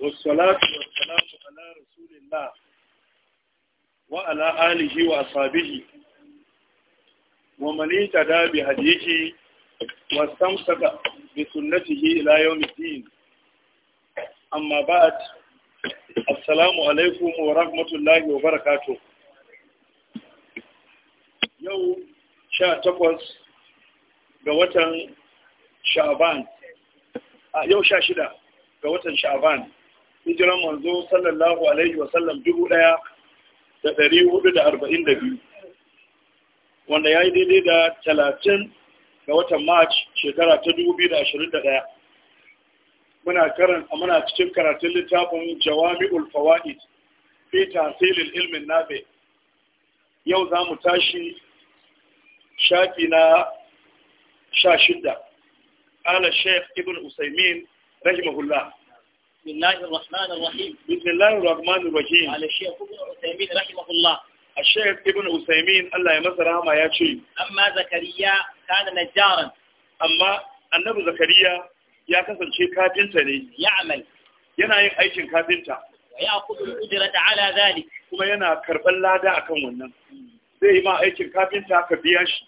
والصلاه والسلام على رسول الله وعلى اله وأصحابه ومن اتبع بهديه واستمسك بسنته الى يوم الدين اما بعد السلام عليكم ورحمه الله وبركاته يوم sha takwas شعبان watan sha'aban a yau ga watan sha'aban hijiran manzo sallallahu alaihi wasallam dubu ɗaya da dari hudu da arba'in da biyu wanda ya yi daidai da talatin ga watan march shekara ta dubu biyu da ashirin da ɗaya muna karan muna cikin karatun littafin jawami'ul fawaid fi tasirin ilmin nafi yau za mu tashi shafi na sha shidda ala sheikh ibn usaimin rahimahullah بسم الله الرحمن الرحيم بسم الله الرحمن الرحيم على الشيخ ابن عثيمين رحمه الله الشيخ ابن عثيمين الله يمسر هما يا شيء زكريا كان نجارا أما النبي زكريا يا كسر شيء كابنتا يعمل yana yin aikin kafinta ya kudu ujra ala zalik kuma yana karban lada akan wannan zai yi ma aikin kafinta ka biya shi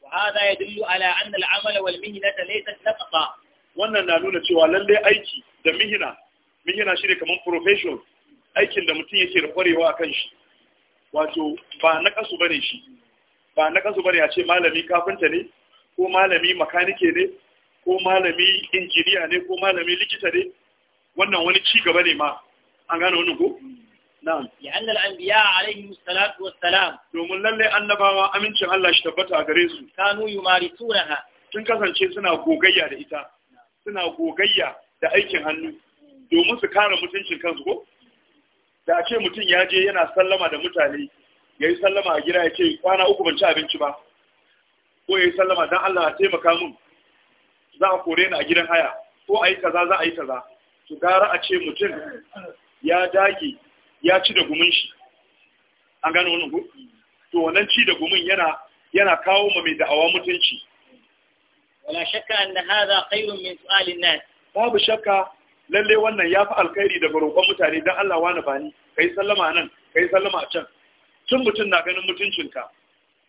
wa hada yadullu ala anna al wal mihnata laysat nafqa wannan na nuna cewa lalle aiki da mihina mihina shi ne kamar profession aikin da mutum yake da kwarewa a kan shi wato ba na kasu bane shi ba na kasu bane a ce malami kafinta ne ko malami makanike ne ko malami injiniya ne ko malami likita ne wannan wani ci gaba ne ma an gane wani ko na'am ya annal anbiya alaihi salatu wassalam domin lalle annabawa amincin Allah shi tabbata a gare su kanu yumarisunaha Tun kasance suna gogayya da ita suna gogayya da aikin hannu domin su kare mutuncin kansu ko da a ce mutum ya je yana sallama da mutane ya yi sallama a gida ya ce kwana uku ban ci abinci ba ko ya yi sallama don Allah a taimaka mun za a kore ni a gidan haya ko a yi kaza za a yi kaza to gara a ce mutum ya dage ya ci da gumin shi an gano wannan to wannan ci da gumin yana yana kawo ma mai da'awa mutunci wala shakka anna hadha khairun min su'al an-nas babu shakka lalle wannan yafi alkhairi da roƙon mutane dan Allah wani bani kai sallama nan kai sallama a can tun mutum na ganin mutuncinka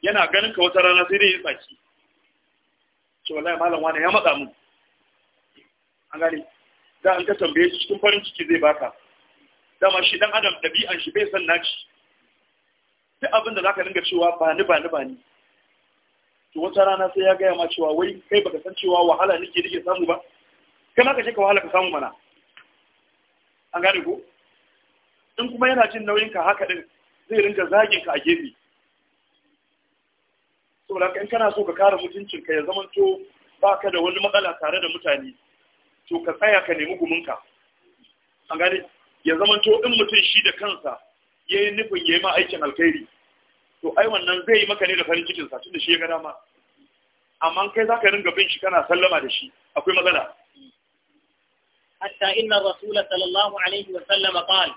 yana ganin ka wata rana sai dai ya tsaki ce wallahi malam wani ya matsa mu an gani. da an ka tambaye shi cikin farin ciki zai baka dama shi dan adam dabi'an shi bai san naci duk abin da zaka dinga cewa bani-bani-bani. to wata rana sai ya gaya ma cewa wai kai baka san cewa wahala nake nake samu ba kai ma ka ce ka wahala ka samu mana an gane ko in kuma yana jin nauyin ka haka din zai ringa zagin ka a gefe saboda in kana so ka kare mutuncin ka ya zama to baka da wani matsala tare da mutane to ka tsaya ka nemi gumunka. an gane ya zama to in mutum shi da kansa yayin nufin yayi ma aikin alkhairi to ai wannan zai yi maka ne da farin cikin sa tun da shi ya ga dama amma kai zaka ringa bin shi kana sallama da shi akwai matsala hatta inna rasul sallallahu alaihi wa sallam qala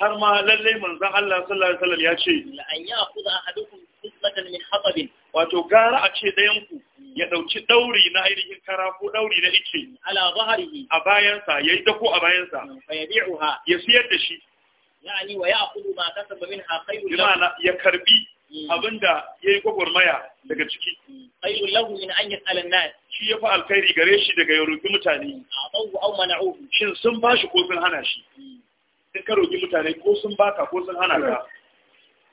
har ma lalle manzon Allah sallallahu alaihi wasallam ya ce la an ya'khudha ahadukum qismatan min hatab wato gara a ce dayan ku ya dauki dauri na ainihin kara ko dauri na ice ala zahrihi a bayan sa yayi dako a bayan sa mm, fa yabi'uha ya siyar da shi yani wa ya'khudhu ma kasaba minha khayrun lahu ya karbi abinda ya yi gwagwarmaya daga ciki ayu lahu min an yi shi ya fa alkhairi gare shi daga ya roƙi mutane atawu aw mana'uhu shin sun shi ko sun hana shi Sun ka roƙi mutane ko sun baka ko sun hana ka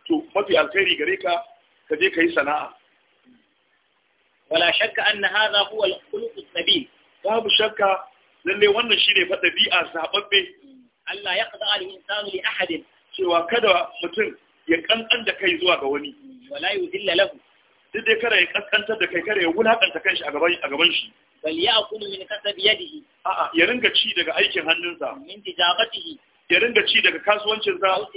to mafi alkhairi gare ka ka je ka yi sana'a wala shakka anna hadha huwa al-khuluq as-sabil babu shakka lalle wannan shine fa dabi'a sababbe Allah ya qada al-insanu li ahadin cewa kada mutum ya kankan da kai zuwa ga wani wala yudilla lahu duk dai kada ya kaskantar da kai kada ya wulakanta kanshi a gaban a gaban shi bal ya'kulu min kasab yadihi a'a ya ringa ci daga aikin hannunsa min tijabatihi ya ringa ci daga kasuwancinsa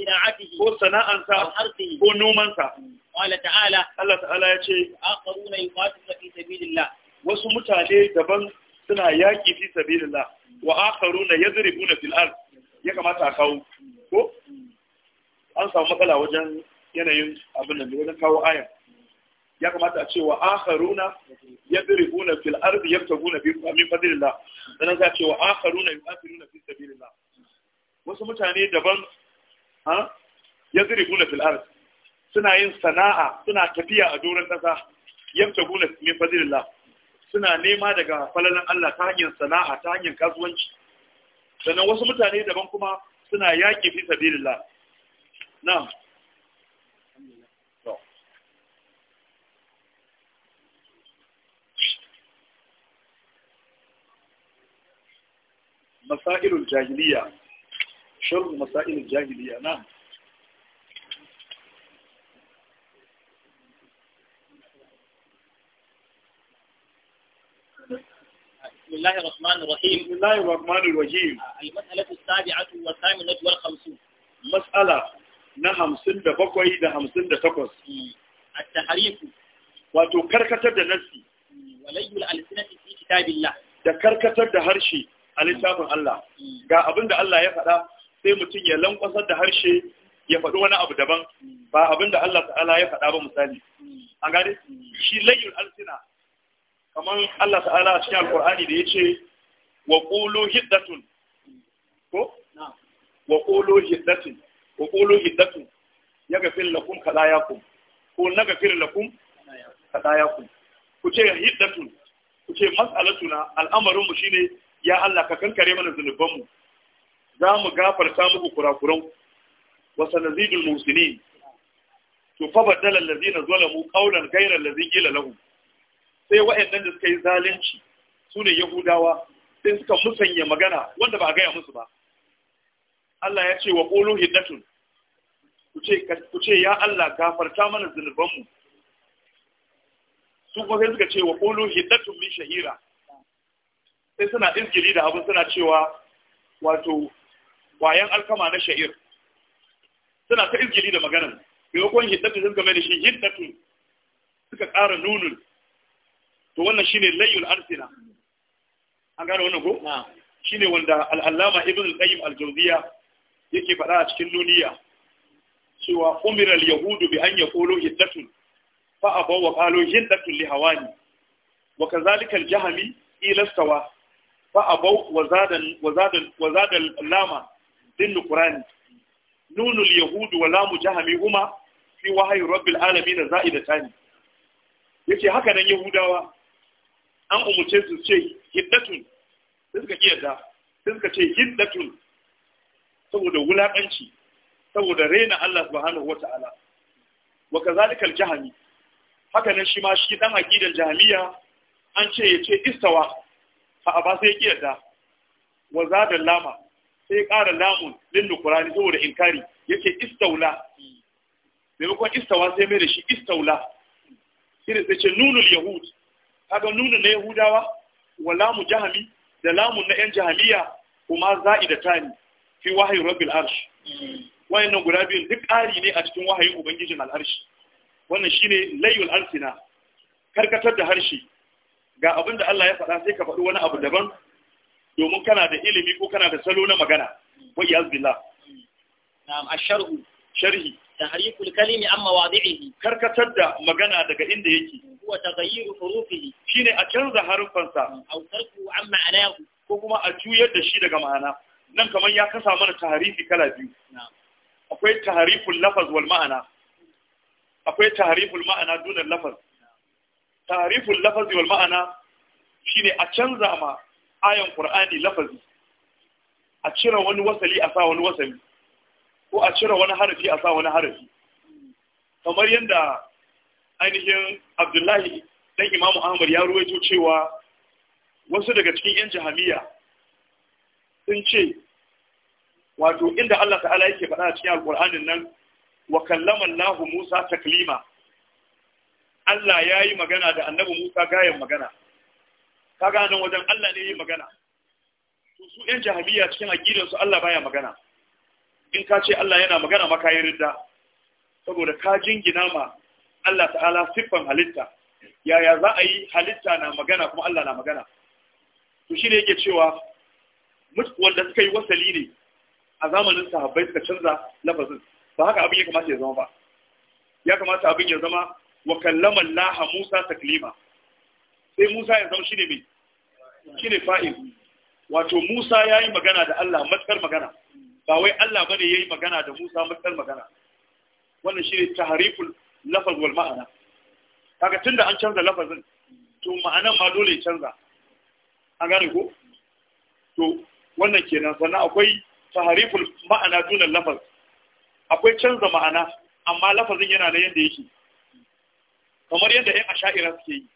ko sana'ansa ko nomansa Allah ta'ala Allah ta'ala ya ce akharuna yuqatiluna fi sabilillah wasu mutane daban suna yaƙi fi sabilillah wa akharuna yadribuna fil ard ya kamata a kawo ko an samu matsala wajen yanayin abin nan wajen kawo aya ya kamata a cewa akharuna yadribuna fil ardi yabtaguna bi min fadlillah dan ce wa akharuna yuqatiluna fi sabilillah wasu mutane daban ha yadribuna fil ardi suna yin sana'a suna tafiya a doron kasa yabtaguna min fadlillah suna nema daga falalan Allah ta hanyar sana'a ta hanyar kasuwanci sannan wasu mutane daban kuma suna yaƙi fi sabilillah نعم مسائل الجاهلية شر مسائل الجاهلية نعم بسم الله الرحمن الرحيم بسم الله الرحمن الرحيم المسألة السابعة والثامنة والخمسون مسألة na hamsin da bakwai da hamsin da takwas. A taharifu. Wato karkatar da nassi. Walayyul alisinati fi kitabillah. Da karkatar da harshe a littafin Allah. Ga abin da Allah ya faɗa sai mutum ya lankwasar da harshe ya faɗi wani abu daban ba abin da Allah ta'ala ya faɗa ba misali. An gane? Shi layyul alisina. Kamar Allah ta'ala a cikin Alƙur'ani da ya ce wa ƙulu hiddatun. Ko? Wa ƙulu hiddatun. wa qulu iddatu yaghfir lakum khatayakum ko naghfir lakum khatayakum ku ce hiddatu ku ce mas'alatuna al'amarinmu mu shine ya Allah ka kankare mana zunubanmu. mu za mu gafarta muku kurakuran wa sanazidul muslimin to fa badala allazina zalamu qawlan ghayra allazi qila sai wa'annan da suka yi zalunci su ne yahudawa sai suka musanya magana wanda ba a gaya musu ba Allah ya ce wa ƙolo hiddatun ku ce ya Allah gafarta mana zunubanmu su kuma sai suka ce wa ƙolo hiddatun min shahira sai suna izgiri da abin suna cewa wato wayan alkama na sha'ir suna ta izgiri da maganan maimakon hiddatun sun game da shi hiddatun suka ƙara nunun to wannan shine layul arsina an gane wannan ko ne wanda al’allama ibn al-qayyim al-jawziya yake faɗa a cikin nuniya cewa umiral yahudu bi an yaqulu iddatun fa abaw wa qalu hiddatun li hawani wa kadhalika al-jahmi ila stawa fa abaw wa zada wa zada wa zada al-lama din qur'an nunu al-yahud wa lamu jahmi huma fi wahyi rabbil alamin za'idatan yace haka nan yahudawa an umurce su ce hiddatun sai suka kiyarda sai suka ce hiddatun saboda wulaƙanci saboda rena Allah subhanahu wata'ala wa kazalikal jahami haka nan shi ma shi dan aqidar jahamiya an ce yace istawa fa aba sai yake yarda wa zada lama sai ƙara lamun lin nukurani saboda inkari yace istaula maimakon istawa sai mai da shi istaula shine sai ce nunul yahud kaga nunun na yahudawa wa lamu jahami da lamun na yan jahamiya kuma za'ida tani fi wahayin rabbil arsh wayannan guda biyun duk ƙari ne a cikin wahayin ubangijin al'arshi wannan shine layul arsina karkatar da harshe ga abin da Allah ya faɗa sai ka faɗi wani abu daban domin kana da ilimi ko kana da salo na magana wa iyaz billah na'am asharhu sharhi tahriful kalimi amma wadi'ihi karkatar da magana daga inda yake huwa taghayyiru hurufihi shine a canza harufansa aw tarku amma ma'anahu ko kuma a juyar da shi daga ma'ana nan kamar ya kasa mana taharifi kala biyu akwai tahariful lafaz wal ma'ana akwai tahariful ma'ana dunan lafaz tahariful lafaz wal ma'ana shine a canza ma ayan qur'ani lafazi a cire wani wasali a sa wani wasali ko a cire wani harafi a sa wani harafi kamar yadda ainihin abdullahi dan imamu ahmad ya ruwaito cewa wasu daga cikin yan jahamiya sun ce wato inda Allah ta'ala yake faɗa a cikin alƙur'anin nan wa kallama Allahu Musa taklima Allah ya yi magana da annabi Musa gayan magana Ka nan wajen Allah ne yi magana to su ƴan jahabiyya cikin aqidar su Allah baya magana in ka ce Allah yana magana maka yi ridda saboda ka jingina ma Allah ta'ala siffan halitta yaya za a yi halitta na magana kuma Allah na magana to shine yake cewa wanda suka yi wasali ne a zamanin sahabbai suka canza lafazin ba haka abin ya kamata ya zama ba ya kamata abin ya zama wa kallama Allah Musa taklima sai Musa ya zama shine mai shine fa'il wato Musa yayi magana da Allah matsar magana ba wai Allah bane yayi magana da Musa matsar magana wannan shine tahriful lafaz wal ma'ana kaga tunda an canza lafazin to ma'anan ma dole ya canza an gane ko to wannan kenan sannan akwai tahriful ma'ana dunan lafaz akwai canza ma'ana amma lafazin yana da yadda yake kamar yadda yan asha'ira suke yi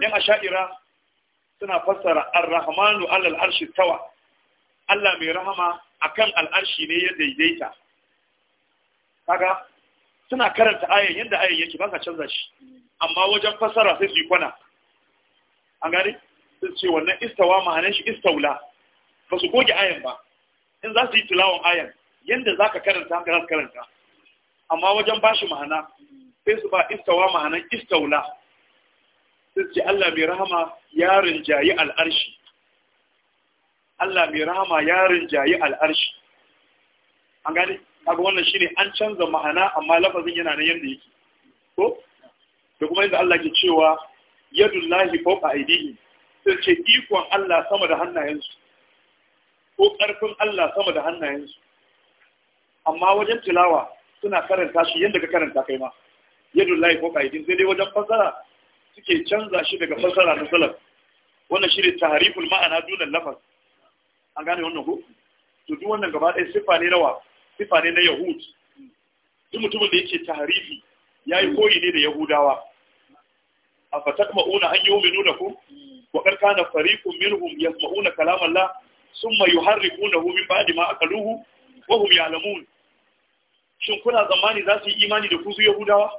yan asha'ira suna fassara ar-rahmanu alal arshi tawa Allah mai rahama akan al'arshi ne ya daidaita kaga suna karanta ayan yadda ayan yake ba ka canza shi amma wajen fassara sai su kwana an gane sun ce wannan istawa ma'anar shi istaula ba su goge ayan ba in za su yi tilawon ayan yadda za ka karanta haka za su karanta amma wajen ba shi ma'ana sai su ba istawa ma'anan istaula sai su ce Allah mai rahama ya rinjayi al'arshi Allah mai rahama ya rinjayi al'arshi an gane kaga wannan shine an canza ma'ana amma lafazin yana nan yadda yake ko da kuma yadda Allah ke cewa yadullahi fawqa aydihim sai ce ikon Allah sama da hannayensu ko ƙarfin Allah sama da hannayensu amma wajen tilawa suna karanta shi yadda ka karanta kai ma yadda layi ko ƙa'idin sai dai wajen fasara suke canza shi daga fasara na salaf wannan shi ne tahariful ma'ana dunan lafaz an gane wannan ko to duk wannan gaba ɗaya sifa ne nawa sifa ne na yahud duk mutumin da yake taharifi ya yi koyi ne da yahudawa a fatakma'una an yi nuna ku wa karkana fariqun minhum yasma'una kalam Allah summa yuharrifunahu min ba'di ma akaluhu wa hum ya'lamun shin kuna zamani za su yi imani da ku su yahudawa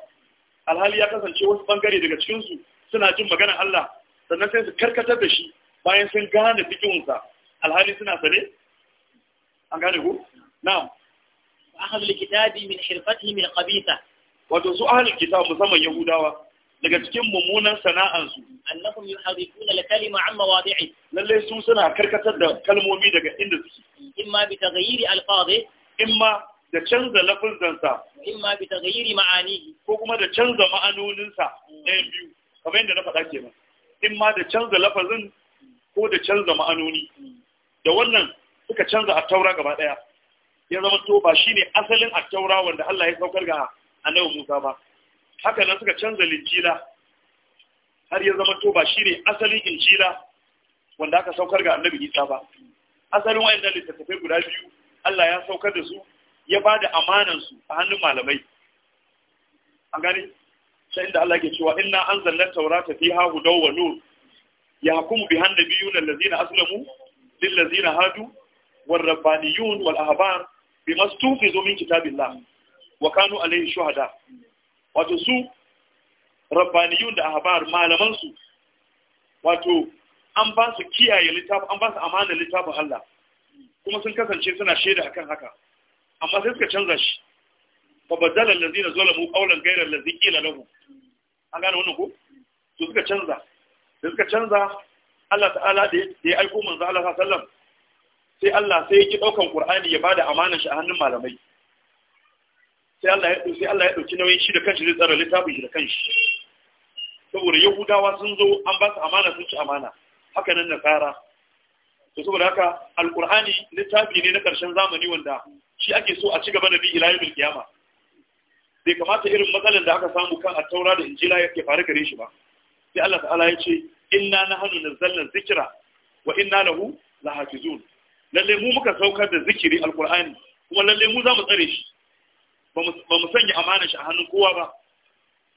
alhali ya kasance wasu bangare daga cikin su suna jin maganar Allah sannan sai su karkatar da shi bayan sun gane fikihunsa alhali suna sane an gane ku na'am ahlul kitabi min hirfatihim min qabita wato su ahlul kitabi musamman yahudawa daga cikin mummunan sana'ansu annahum yuharifuna al-kalima amma wadi'i lalle su suna karkatar da kalmomi daga inda suke imma bi taghayyiri al-fadhi imma da canza lafazansa imma bi taghayyiri ma'anihi ko kuma da canza ma'anoninsa ɗayan biyu kamar yadda na faɗa kenan imma da canza lafazin ko da canza ma'anoni da wannan suka canza a taura gaba ɗaya. ya zama to ba shine asalin a taura wanda Allah ya saukar ga Annabi Musa ba haka nan suka canza linjila har ya zama to ba ne asalin injila wanda aka saukar ga annabi isa ba asalin wayannan littattafai guda biyu Allah ya saukar da su ya ba da amanansu a hannun malamai an gani sai inda Allah ke cewa inna anzalna taurata fi hagu wa nur ya yahkumu hannun biyu na Lazina aslamu lil Lazina hadu wal rabbaniyun wal ahbar tufi zomin min kitabillah wa kanu alayhi shuhada wato su rabbaniyun da ahbar malaman su wato an ba su kiyaye littafi an ba su amana littafin Allah kuma sun kasance suna shaida akan haka amma sai suka canza shi fa badala allazina zalamu qawlan ghayra allazi qila lahu an gane wannan ko to suka canza da suka canza Allah ta'ala da ya aiko manzo Allah sallallahu alaihi wasallam sai Allah sai ya ki daukan Qur'ani ya bada amanar shi a hannun malamai sai Allah ya sai Allah ya dauki nauyin shi da kanshi zai tsara littafin shi da kanshi saboda yahudawa sun zo an ba su amana sun ci amana haka nan nasara to saboda haka alqur'ani littafi ne na karshen zamani wanda shi ake so a ci gaba da bi ila yawmil qiyama bai kamata irin matsalar da aka samu kan at-taura da injila ya faru gare shi ba sai Allah ta'ala ya ce inna nahnu nazzalna dhikra wa inna lahu lahafizun lalle mu muka saukar da zikiri alqur'ani kuma lalle mu za mu tsare shi ba mu sanya amanar shi a hannun kowa ba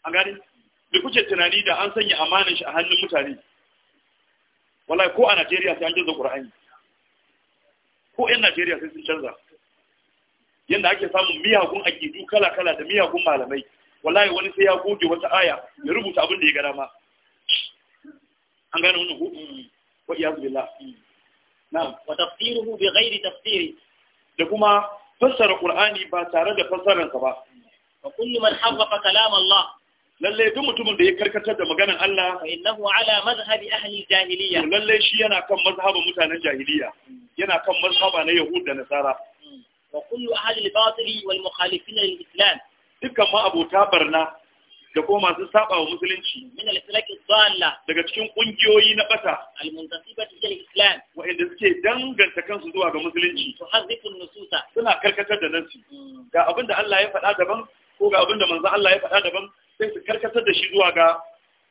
a gani da kuke tunani da an sanya amanar shi a hannun mutane wallahi ko a Najeriya sai an canza Qur'ani ko ƴan Najeriya sai sun canza yanda ake samun miyagun aƙidu kala-kala da miyagun malamai wallahi wani sai ya goge wata aya ya rubuta abin da ya gara ma an gane wani ko wa iyaz billah na'am wa tafsiruhu bi ghairi tafsiri da kuma fassara Qur'ani ba tare da fassararsa ba wa kullu man hafaza kalam Allah Lallai, duk mutumin da ya karkatar da maganar Allah fa innahu ala mazhabi ahli jahiliya lalle shi yana kan mazhabin mutanen jahiliya yana kan mazhaba na yahud da nasara wa kullu ahli al wal mukhalifin lil islam dukkan ma abota barna da kuma masu saba wa musulunci min al-firaqi dhalla daga cikin kungiyoyi na bata al-muntasibati islam wa inda suke danganta kansu zuwa ga musulunci to hazifu nususa suna karkatar da nasi hmm. ga abin da Allah ya faɗa daban ko ga abin da manzo Allah ya faɗa daban sai su karkatar da shi zuwa ga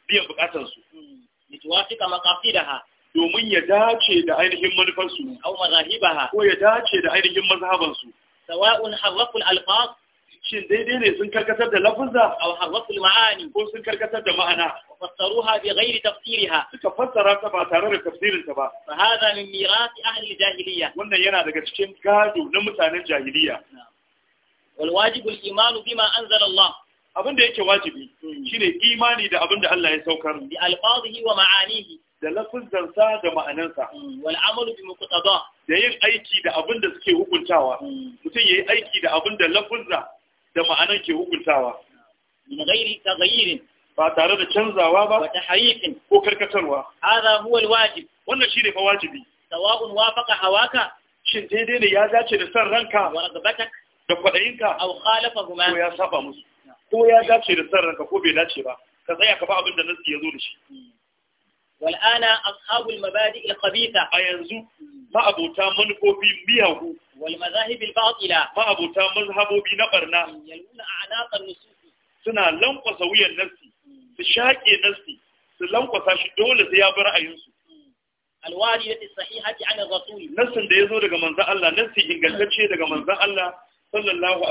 biyan bukatar su hmm. lituwafiqa maqasidaha domin ya dace da ainihin manufarsu aw mazahibaha ko ya dace da ainihin mazhabansu sawa'un harrafu al-alfaz shin daidai ne sun karkatar da lafuzza aw harrasul ma'ani ko sun karkatar da ma'ana fassaruha bi ghairi tafsiriha suka fassara ta ba tare da tafsirin ta ba fa hada min miras ahli jahiliya wannan yana daga cikin gado na mutanen jahiliya wal wajibu al iman bima anzala Allah abin da yake wajibi hmm. shine imani da abin da Allah ya saukar bi alfazihi wa ma'anihi da lafuzzansa da ma'anansa hmm. wal amalu bi muqtada da yin aiki da abin da suke hukuntawa hmm. mutum yayi aiki da abin da lafuzza da ma'anan ke hukuntawa min ta taghayyirin ba tare da canzawa ba wata hayyifin ko karkatarwa hadha huwa alwajib wannan shi shine fa wajibi sawa'un wafaqa hawaka shin daidai ne ya dace da san ranka wa da kwadayinka aw huma. ko ya saba musu ko ya dace da san ranka ko bai dace ba ka tsaya ka ba abin da nasi ya zo da shi hmm. wal'ana ashabul mabadi al-khabitha a yanzu ma'abota manufofi miyagu wal mazahib al-batila ma'abota mazhabobi na barna yaluna a'naqan nususi suna lankwasa wuyan nafsi su shaƙe nafsi su lankwasa shi dole sai ya bar ra'ayinsu alwariyati sahihati an rasul nassin da zo daga manzon Allah nassi ingantacce daga manzon Allah sallallahu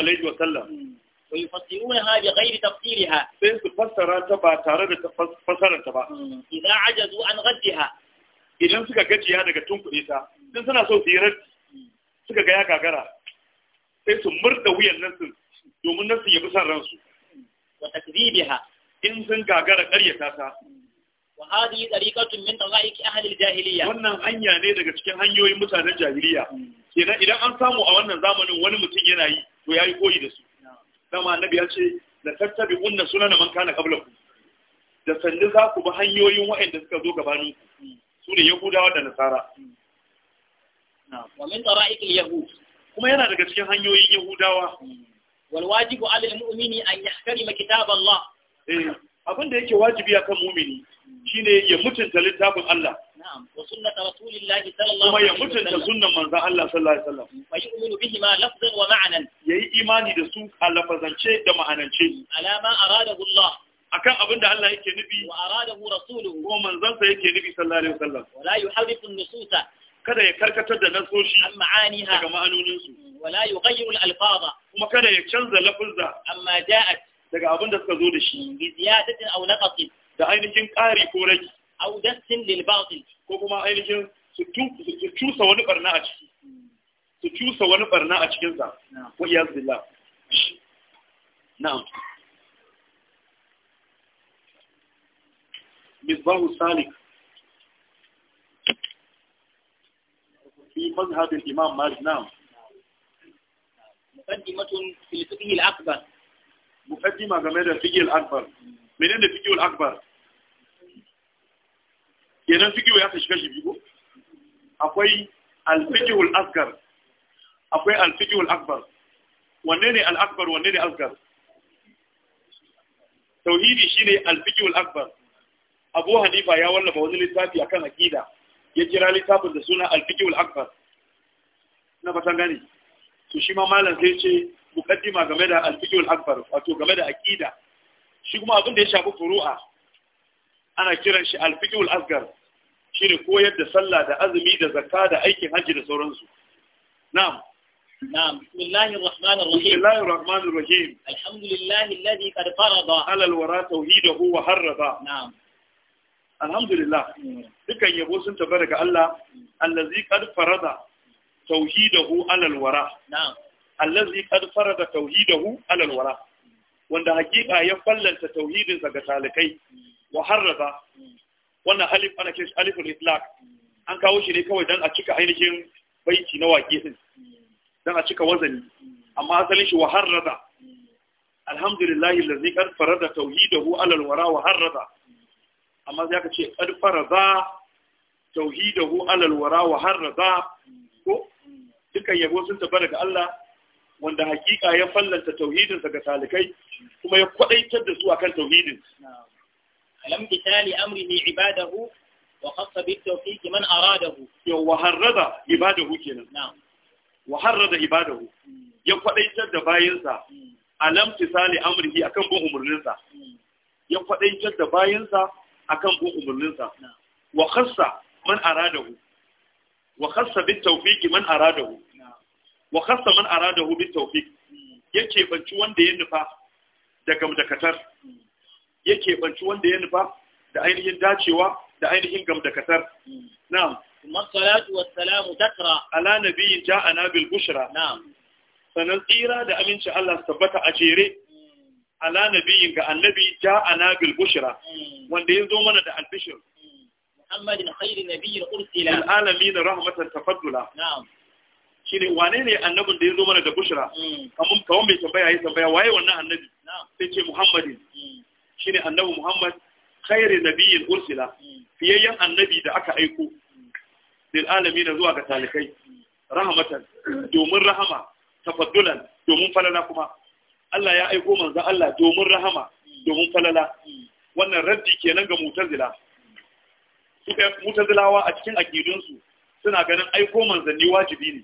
ويفسرونها بغير تفسيرها سيس فسر تبا تارد فسر تبا إذا عجزوا عن غدها إذا سكا جديها دقا تنكو إيسا إذا سنا سو سيرت سكا جايا كاكرا سيس مرد ويا الناس domin nan su yabi san ransu wa takdibiha in sun gagara ƙaryata ta wa hadi tariqatun min a ahli al-jahiliyya wannan hanya ne daga cikin hanyoyin mutanen jahiliya hmm. kenan idan an samu a wannan zamanin wani mutum yana yi to yi koyi da su dama annabi ya ce la tattabi unna sunana man kana qablakum da sandu za ku bi hanyoyin waɗanda suka zo gabanin su ne yahudawa da nasara wa min tara'iqil yahud kuma yana daga cikin hanyoyin yahudawa wal wajibu alal mu'mini an yahtarima kitab Allah eh abin da yake wajibi akan mu'mini shine ya mutunta littafin Allah kuma ya mutunta sunan manzan Allah sallallahu alaihi wasallam ya yi imani da su a lafazance da ma'anance akan abin da Allah yake nufi wa aradahu rasuluhu kuma manzansa yake nufi sallallahu alaihi wasallam nususa kada ya karkatar da nasoshi an ma'aniha daga ma'anoninsu kuma kada ya canza lafuzza amma daga abin da suka zo da shi bi ziyadatin aw naqsin da ainihin ƙari ko rage au dastin lil ko kuma ainihin su cusa wani barna a ciki su cusa wani barna a cikin sa wa iyaz na'am salik kenan fikiyo ya kashi kashi biyu akwai alfikihul asgar akwai alfikihul akbar wanne ne al wanne ne asgar tauhidi shine alfikihul akbar abu hanifa ya wallafa wani littafi kan aqida ya kira littafin da suna alfikihul akbar na fatan gani su shi ma malam sai ce mukaddima game da alfikihul akbar wato game da aqida shi kuma abin da ya shafi furu'a ana kiran shi alfikihul asgar shine koyar da sallah da azumi da zakka da aikin hajji da sauransu na'am نعم بسم الله الرحمن الرحيم بسم الله الرحمن الرحيم الحمد لله الذي قد dukkan yabo sun tafi daga Allah allazi qad farada tauhidahu ala alwara na'am allazi qad farada ala wanda hakika ya fallanta tauhidin sa ga talikai wa wannan halif ana kiran shi aliful itlaq an kawo shi ne kawai dan a cika ainihin baiti na waƙe din dan a cika wazani amma asalin shi wa harrada alhamdulillah allazi qad farada tauhidahu ala alwara wa harrada amma sai aka ce qad farada tauhidahu ala alwara wa harrada ko dukkan yabo sun tabbata daga Allah wanda hakika ya fallanta tauhidinsa ga talikai kuma ya kwadaitar da su akan tauhidin kalamtisali amrihi ibadahu wa khassa bitawfiq man aradahu yau wa harrada ibadahu kenan na'am wa harrada ibadahu ya kwadaitar da bayinsa alam tisali amrihi akan bin umurninsa ya kwadaitar da bayinsa akan bin umurninsa wa khassa man aradahu wa khassa bitawfiq man aradahu wa khassa man aradahu bitawfiq yake banci wanda ya nufa da gamdakatar ya keɓanci wanda ya nufa da ainihin dacewa da ainihin gamdakatar na'am masalatu wassalamu takra ala nabiyyin ja'ana bil bushra na'am sanan tsira da aminci Allah tabbata a jere hmm. ala nabiyyin ga annabi ja'ana bil bushra hmm. wanda ya zo mana da albishir hmm. Muhammadin khairu nabiyyin ursila lil alamin rahmatan tafaddula na'am shine wane ne annabin da ya zo mana da bushra kamar kawai mai tambaya ya tambaya waye wannan annabi sai ce Muhammadin shine annabi Muhammad khairu nabiyyin ursila fiyayyan annabi da aka aiko lil alamin zuwa ga talikai rahmatan domin rahama tafaddulan domin falala kuma Allah ya aiko manzo Allah domin rahama domin falala wannan raddi kenan ga mutazila suka mutazilawa a cikin akidunsu suna ganin aiko manzanni wajibi ne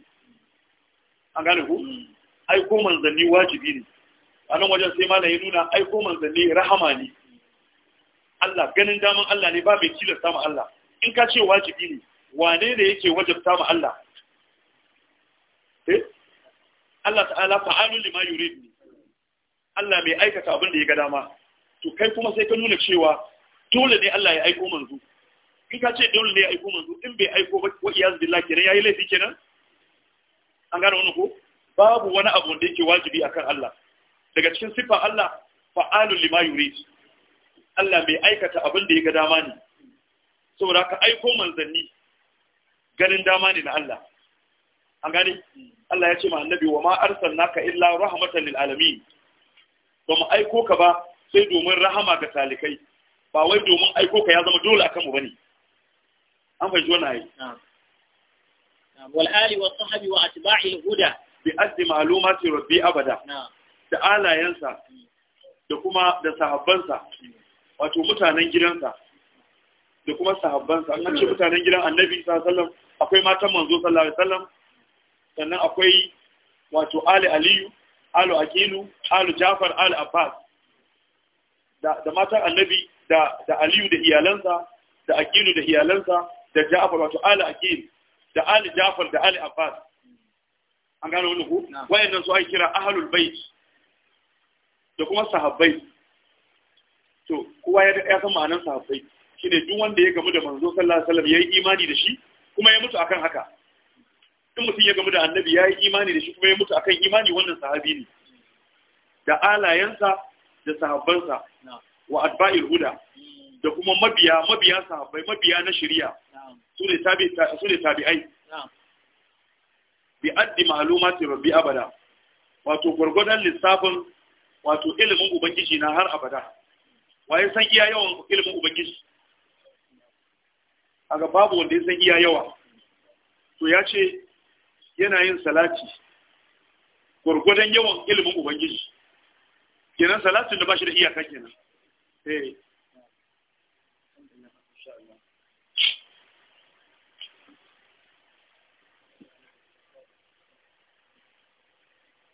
an gane ku aiko manzanni wajibi ne wannan wajen sai malam ya nuna aiko manzanni rahama ne Allah ganin daman Allah ne ba mai tilasta ma Allah in ka ce wajibi ne wane ne yake wajabta ma Allah eh Allah ta'ala fa'alu lima yurid ne Allah mai aikata abin da ya ga dama to kai kuma sai ka nuna cewa dole ne Allah ya aiko manzo in ka ce dole ne ya aiko manzo in bai aiko ba wa iyaz billah kenan yayi laifi kenan an gane wannan ko babu wani abu da yake wajibi akan Allah daga cikin siffar Allah fa'alul lima yurid Allah mai aikata abin da ya ga dama ne saboda ka aiko manzanni ganin dama ne na Allah an gani. Allah ya ce ma annabi wa ma arsalnaka illa rahmatan lil ba mu aiko ka ba sai domin rahama ga talikai ba wai domin aiko ka ya zama dole a kanmu ba ne. an fahimci wannan ayi wal ali wa sahbi wa atba'i bai huda bi addi ma'lumati rabbi abada da alayensa da kuma da sahabbansa wato mutanen gidansa da kuma sahabbansa an ce mutanen gidan annabi sallallahu akwai matan manzo sallallahu alaihi wasallam sannan akwai wato ali aliyu alu akilu alu jafar alu abbas da, da matan annabi da, da aliyu da iyalansa da akilu da iyalansa da jafar wato alu akil da alu jafar da alu abbas an gano wani ku wayannan su ake kira ahlul bait da kuma sahabbai to kowa ya san ma'anar sahabbai shine duk wanda ya gamu da manzo sallallahu alaihi wasallam yayi imani da shi kuma ya mutu akan haka Duk mutum ya gamu da annabi yayi imani da shi kuma ya mutu akan imani wannan sahabi ne da alayensa da sahabbansa wa atba'il huda da kuma mabiya mabiya sahabbai mabiya na shari'a su ne tabi'ai su ne tabi'ai bi addi ma'lumati rabbi abada wato gurgurdan lissafin wato ilimin ubangiji na har abada waye san iya yawan ilimin ubangiji aga babu wanda ya san iya yawa to ya ce yana yin salati gwargwadon yawan ilimin ubangiji kenan salatin da ba shi da iyaka kenan eh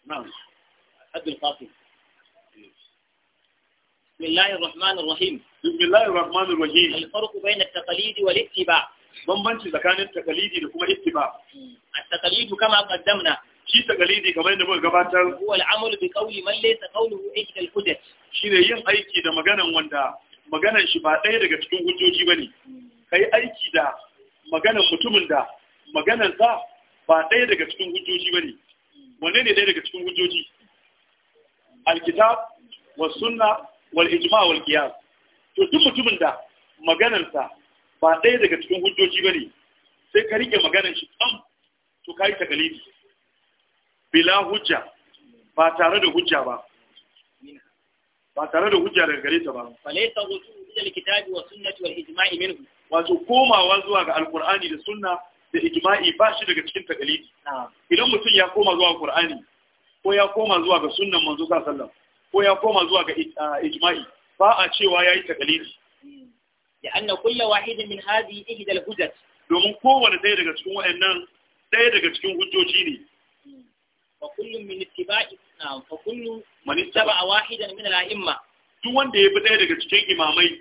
نعم حد القاطع بسم الله الرحمن الرحيم بسم الله الرحمن الرحيم الفرق بين والاتباع bambanci tsakanin takalidi da kuma ittiba hmm. at-taqlidu kama shi takalidi kamar yadda gabatar huwa al-amalu bi qawli man shine yin aiki da maganan wanda maganan daga cikin hujjoji bane hmm. kai aiki da maganan mutumin da maganan sa ba ɗaya daga cikin hujjoji bane hmm. wanne ne ɗaya daga cikin hujjoji sunna wal ijma wal qiyas to duk mutumin da maganarsa ba ɗaya daga cikin hujjoji bane sai ka rike maganar shi kam to kai takalidi bila hujja ba tare da hujja ba ba tare da hujja daga gare ta ba falaita hujju ila kitabi wa sunnati wal ijma'i minhu komawa zuwa ga alqur'ani da sunna da ijma'i ba shi daga cikin takalidi idan mutum ya koma zuwa alqur'ani ko ya koma zuwa ga sunnan manzo sallallahu alaihi wasallam ko ya koma zuwa ga ijma'i ba a cewa ya yi taqlidi da anna kullu wahidin min hadhihi ihda al-hujjat domin kowane ɗaya daga cikin wayannan ɗaya daga cikin hujjoji ne fa kullu min ittiba'i fa kullum man ittaba wahidan min al-a'imma duk wanda ya bi ɗaya daga cikin imamai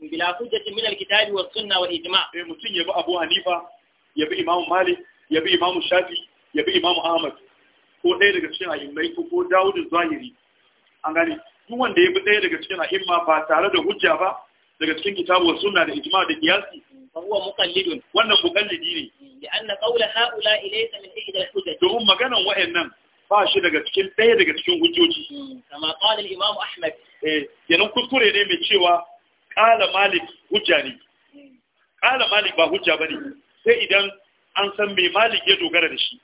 bila hujjati min al-kitabi was sunna wal ijma' eh mutum ya bi Abu Hanifa ya bi Imam Malik ya bi Imam Shafi ya bi Imam Ahmad ko ɗaya daga cikin a'immai ko Dawud az-Zahiri an gane duk wanda ya bi ɗaya daga cikin a'imma ba tare da hujja ba daga cikin kitabu sunna da ijma da qiyasi fa huwa muqallidun wannan muqallidi ne li anna qawla haula min ihda al-hujaj domin maganan wa'annan ba shi daga cikin ɗaya daga cikin hujjoji hmm, kama qala al-imam ahmad eh yanan kuskure ne mai cewa qala malik hujja ne qala malik ba hujja bane sai idan an san me malik ya dogara da shi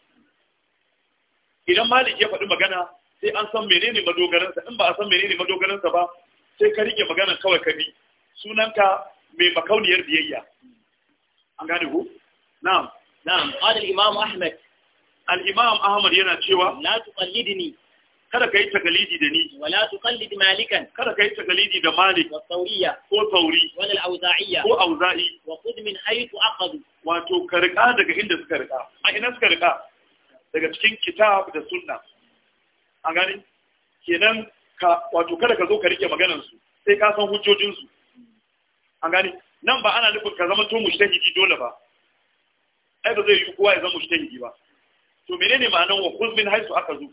idan malik ya faɗi magana sai an san menene madogaransa in ba a san menene madogaransa ba sai ka rike magana kawai ka bi sunanka mai makauniyar biyayya an gane ku na'am na'am qala al-imam ahmad al-imam ahmad yana cewa la tuqallidni kada kai takalidi da ni wala tuqallid malikan kada kai takalidi da malik wa tawriya ko tawri wala al-awza'iyya ko awza'i wa khud min haythu aqad wato ka daga inda suka rika a ina suka rika daga cikin kitab da sunna a gani kenan ka wato kada ka zo ka rike maganar su sai ka san hujjojin su a gani nan ba ana nufin ka zama to mushtahidi dole ba ai ba zai yi kowa ya zama mushtahidi ba to menene ma'anar wa khudh min haythu akazu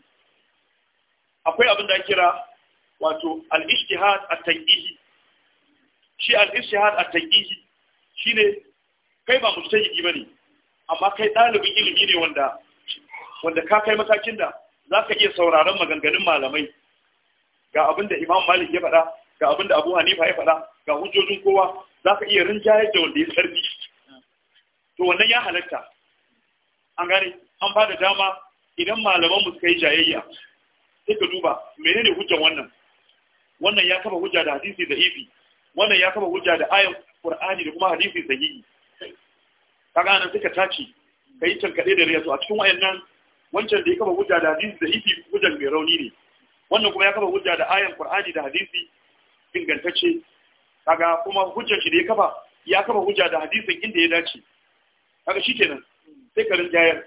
akwai abin da kira wato al-ijtihad at-tanqihi shi al-ijtihad at-tanqihi shine kai ba mushtahidi bane amma kai dalibin ilimi ne wanda wanda ka kai matakin da za ka iya sauraron maganganun malamai ga abin da imam malik ya faɗa ga abin da abu hanifa ya faɗa ga hujjojin kowa za ka iya rinjayar da wanda ya sarfi to wannan ya halatta an gane an ba da dama idan malaman mu suka yi jayayya sai ka duba menene hujjan wannan wannan ya kafa hujja da hadisi da ifi wannan ya kafa hujja da ayan qur'ani da kuma hadisi sahihi kaga nan suka tace kai tankade da riya a cikin wayannan wancan da ya kafa hujja da hadisi da ifi hujjar mai rauni ne wannan kuma ya kafa hujja da ayan qur'ani da hadisi ingantacce kaga kuma hujjar shi da ya kafa ya kafa hujja da hadisin inda ya dace kaga shikenan sai ka rinjayar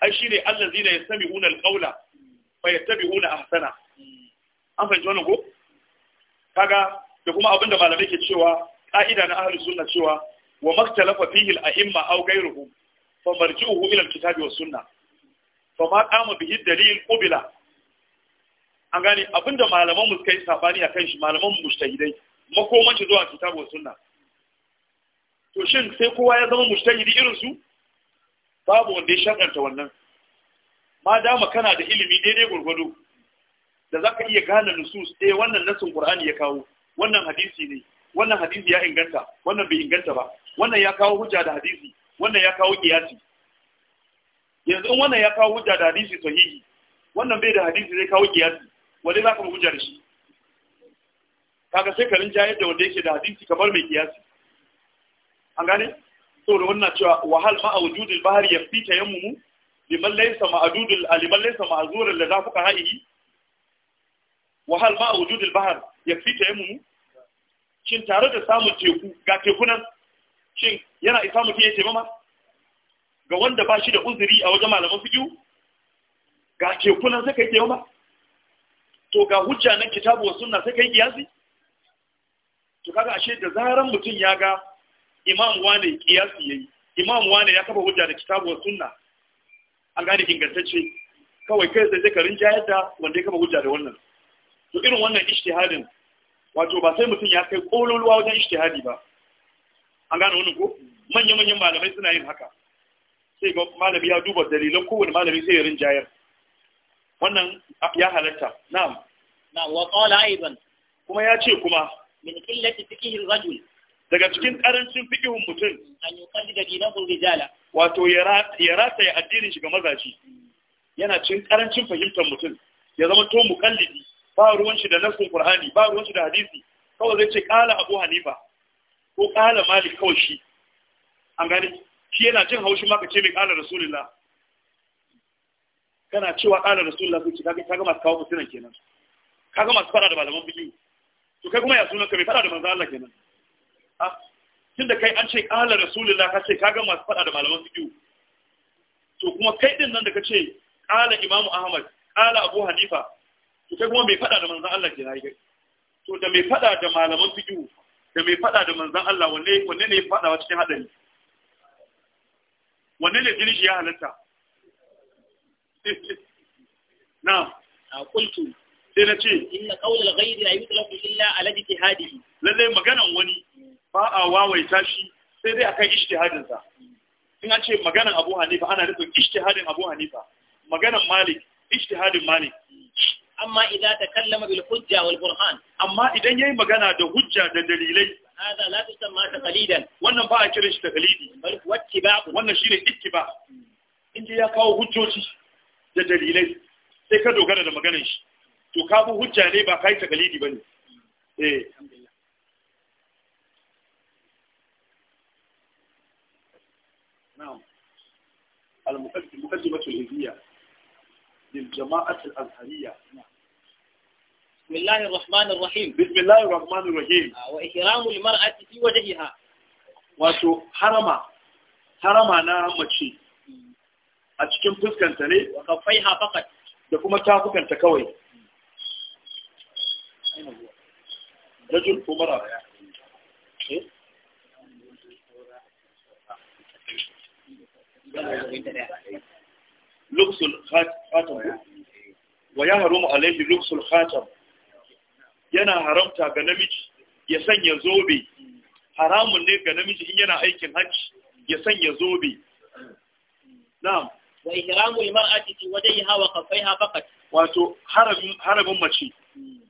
ai shine allazina yastami'una alqawla fa yattabi'una ahsana an fahimci wannan ko kaga da kuma abin da malamai ke cewa ka'ida na ahlus sunna cewa wa maktalafa fihi al-a'imma aw ghayruhum fa marji'uhu ila al-kitabi was sunnah fa ma kama bihi dalil qubila an gani, abinda malaman mu kai sabani akan shi malaman mujtahidai makoman mace zuwa kitabu sunna to shin sai kowa ya zama mujtahidi irin su babu wanda ya shakanta wannan ma dama kana da ilimi daidai gurgudu da zaka iya gane nusus eh wannan nasin qur'ani ya kawo wannan hadisi ne wannan hadisi ya inganta wannan bai inganta ba wannan ya kawo hujja da hadisi wannan ya kawo kiyasi yanzu in wannan ya kawo hujja da hadisi sahihi wannan bai da hadisi zai kawo kiyasi wanda za ka mu hujjar shi kaga sai ka rinja yadda wanda yake da hadisi kamar mai kiyasi an gane da wannan cewa wahal ma wujudul bahri yafi tayammumu liman laysa ma'dudul liman laysa ma'zurul ladha fuqa ha'ihi wahal ma wujudul bahr yafi tayammumu shin tare da samun teku ga teku nan shin yana isa mutum ya taimama ga wanda ba shi da uzuri a wajen malaman fiƙi ga kekunan sai yi kiyama to ga hujja na kitabu wasu sunna sai yi kiyasi to kaga ashe da zaran mutum ya ga imam wane kiyasi yayi imam wane ya kafa hujja da kitabu wasu sunna an gane ingantacce kawai kai sai ka rinja da wanda ya kafa hujja da wannan to irin wannan ishtihadin wato ba sai mutum ya kai kololuwa wajen ishtihadi ba an gane wannan ko manya-manyan malamai suna yin haka sai ga malami ya duba dalilan kowane malami sai ya rinjayar wannan ya halatta na'am Na wa qala aidan kuma ya ce kuma min qillati fiqhi ar-rajul daga cikin karancin fiqhin mutum an yuqallida dinahu rijala wato ya rata ya addinin shi ga mazaji yana cikin karancin fahimtar mutum ya zama to muqallidi ba ruwan shi da nassin qur'ani ba ruwan shi da hadisi kawai zai ce qala abu hanifa ko qala malik kawai shi an gani shi yana jin haushi maka ce mai ƙala rasulullah kana cewa ƙala rasulullah ce kaga kaga masu kawo mutunan kenan kaga masu fara da malaman biyu to kai kuma ya sunan ka bai fara da manzo Allah kenan a ah, da kai an ce ƙala rasulullah ka ce kaga masu fara da malaman biyu to kuma kai din nan da ka ce ƙala imamu ahmad ƙala abu hanifa to kai kuma bai fara da manzo Allah kenan kai to da mai fada da malaman biyu, da mai fada da manzan Allah wanne wanne ne fadawa cikin hadari wanne ne jini shi ya halatta na a ah, kultu sai na ce inna qawlal ghayri la yutlaqu illa ala ijtihadihi lalle magana wani ba a wawaita shi sai dai akan ijtihadin sa in an ce magana Abu Hanifa ana nufin ijtihadin Abu Hanifa magana Malik ijtihadin Malik amma idan ta kallama bil hujja wal burhan amma idan yayi magana da hujja da dalilai هذا لا تسمى تقليدا wannan ba a kiran shi taqlidi bal wattiba wannan shine ittiba in ya kawo hujjoji da dalilai sai ka dogara da maganar shi to ka bu hujja ne ba kai taqlidi bane eh na'am al-muqaddimatu al-hizbiyya lil jama'ati al-azhariyya na'am بسم الله الرحمن الرحيم بسم الله الرحمن الرحيم آه، وإحرام المرأة في وجهها واتو حرما حرما نعم مجي أتكم فسكن تني وقفيها فقط دكما تعفكن تكوي رجل كمرا إيه؟ لبس الخاتم ويهرم عليه لبس الخاتم yana haramta ga namiji ya sanya zobe haramun ne ga namiji in yana aikin hajji ya sanya zobe na'am wa ihramu mar'ati fi wajhiha wa kaffaiha faqat wato haramin haramin mace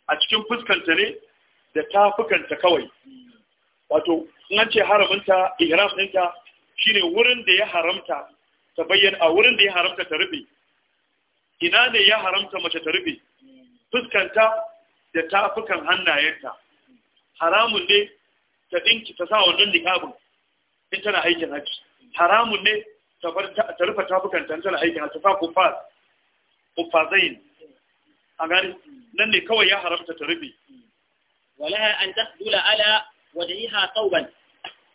a cikin fuskanta ne da tafukanta kawai wato in an ce haraminta ihram ɗinta shine wurin da ya haramta ta bayyana a wurin da ya haramta ta rufe ina ne ya haramta mace ta rufe fuskanta da tafukan hannayenta haramun ne ta dinki ta sa wannan niqabin in tana aikin haji haramun ne ta bar ta rufe tafukan ta tana aikin haji ta sa kufaz kufazain a gani nan ne kawai ya haramta ta rufe walaha an tasdula ala wajhiha tawban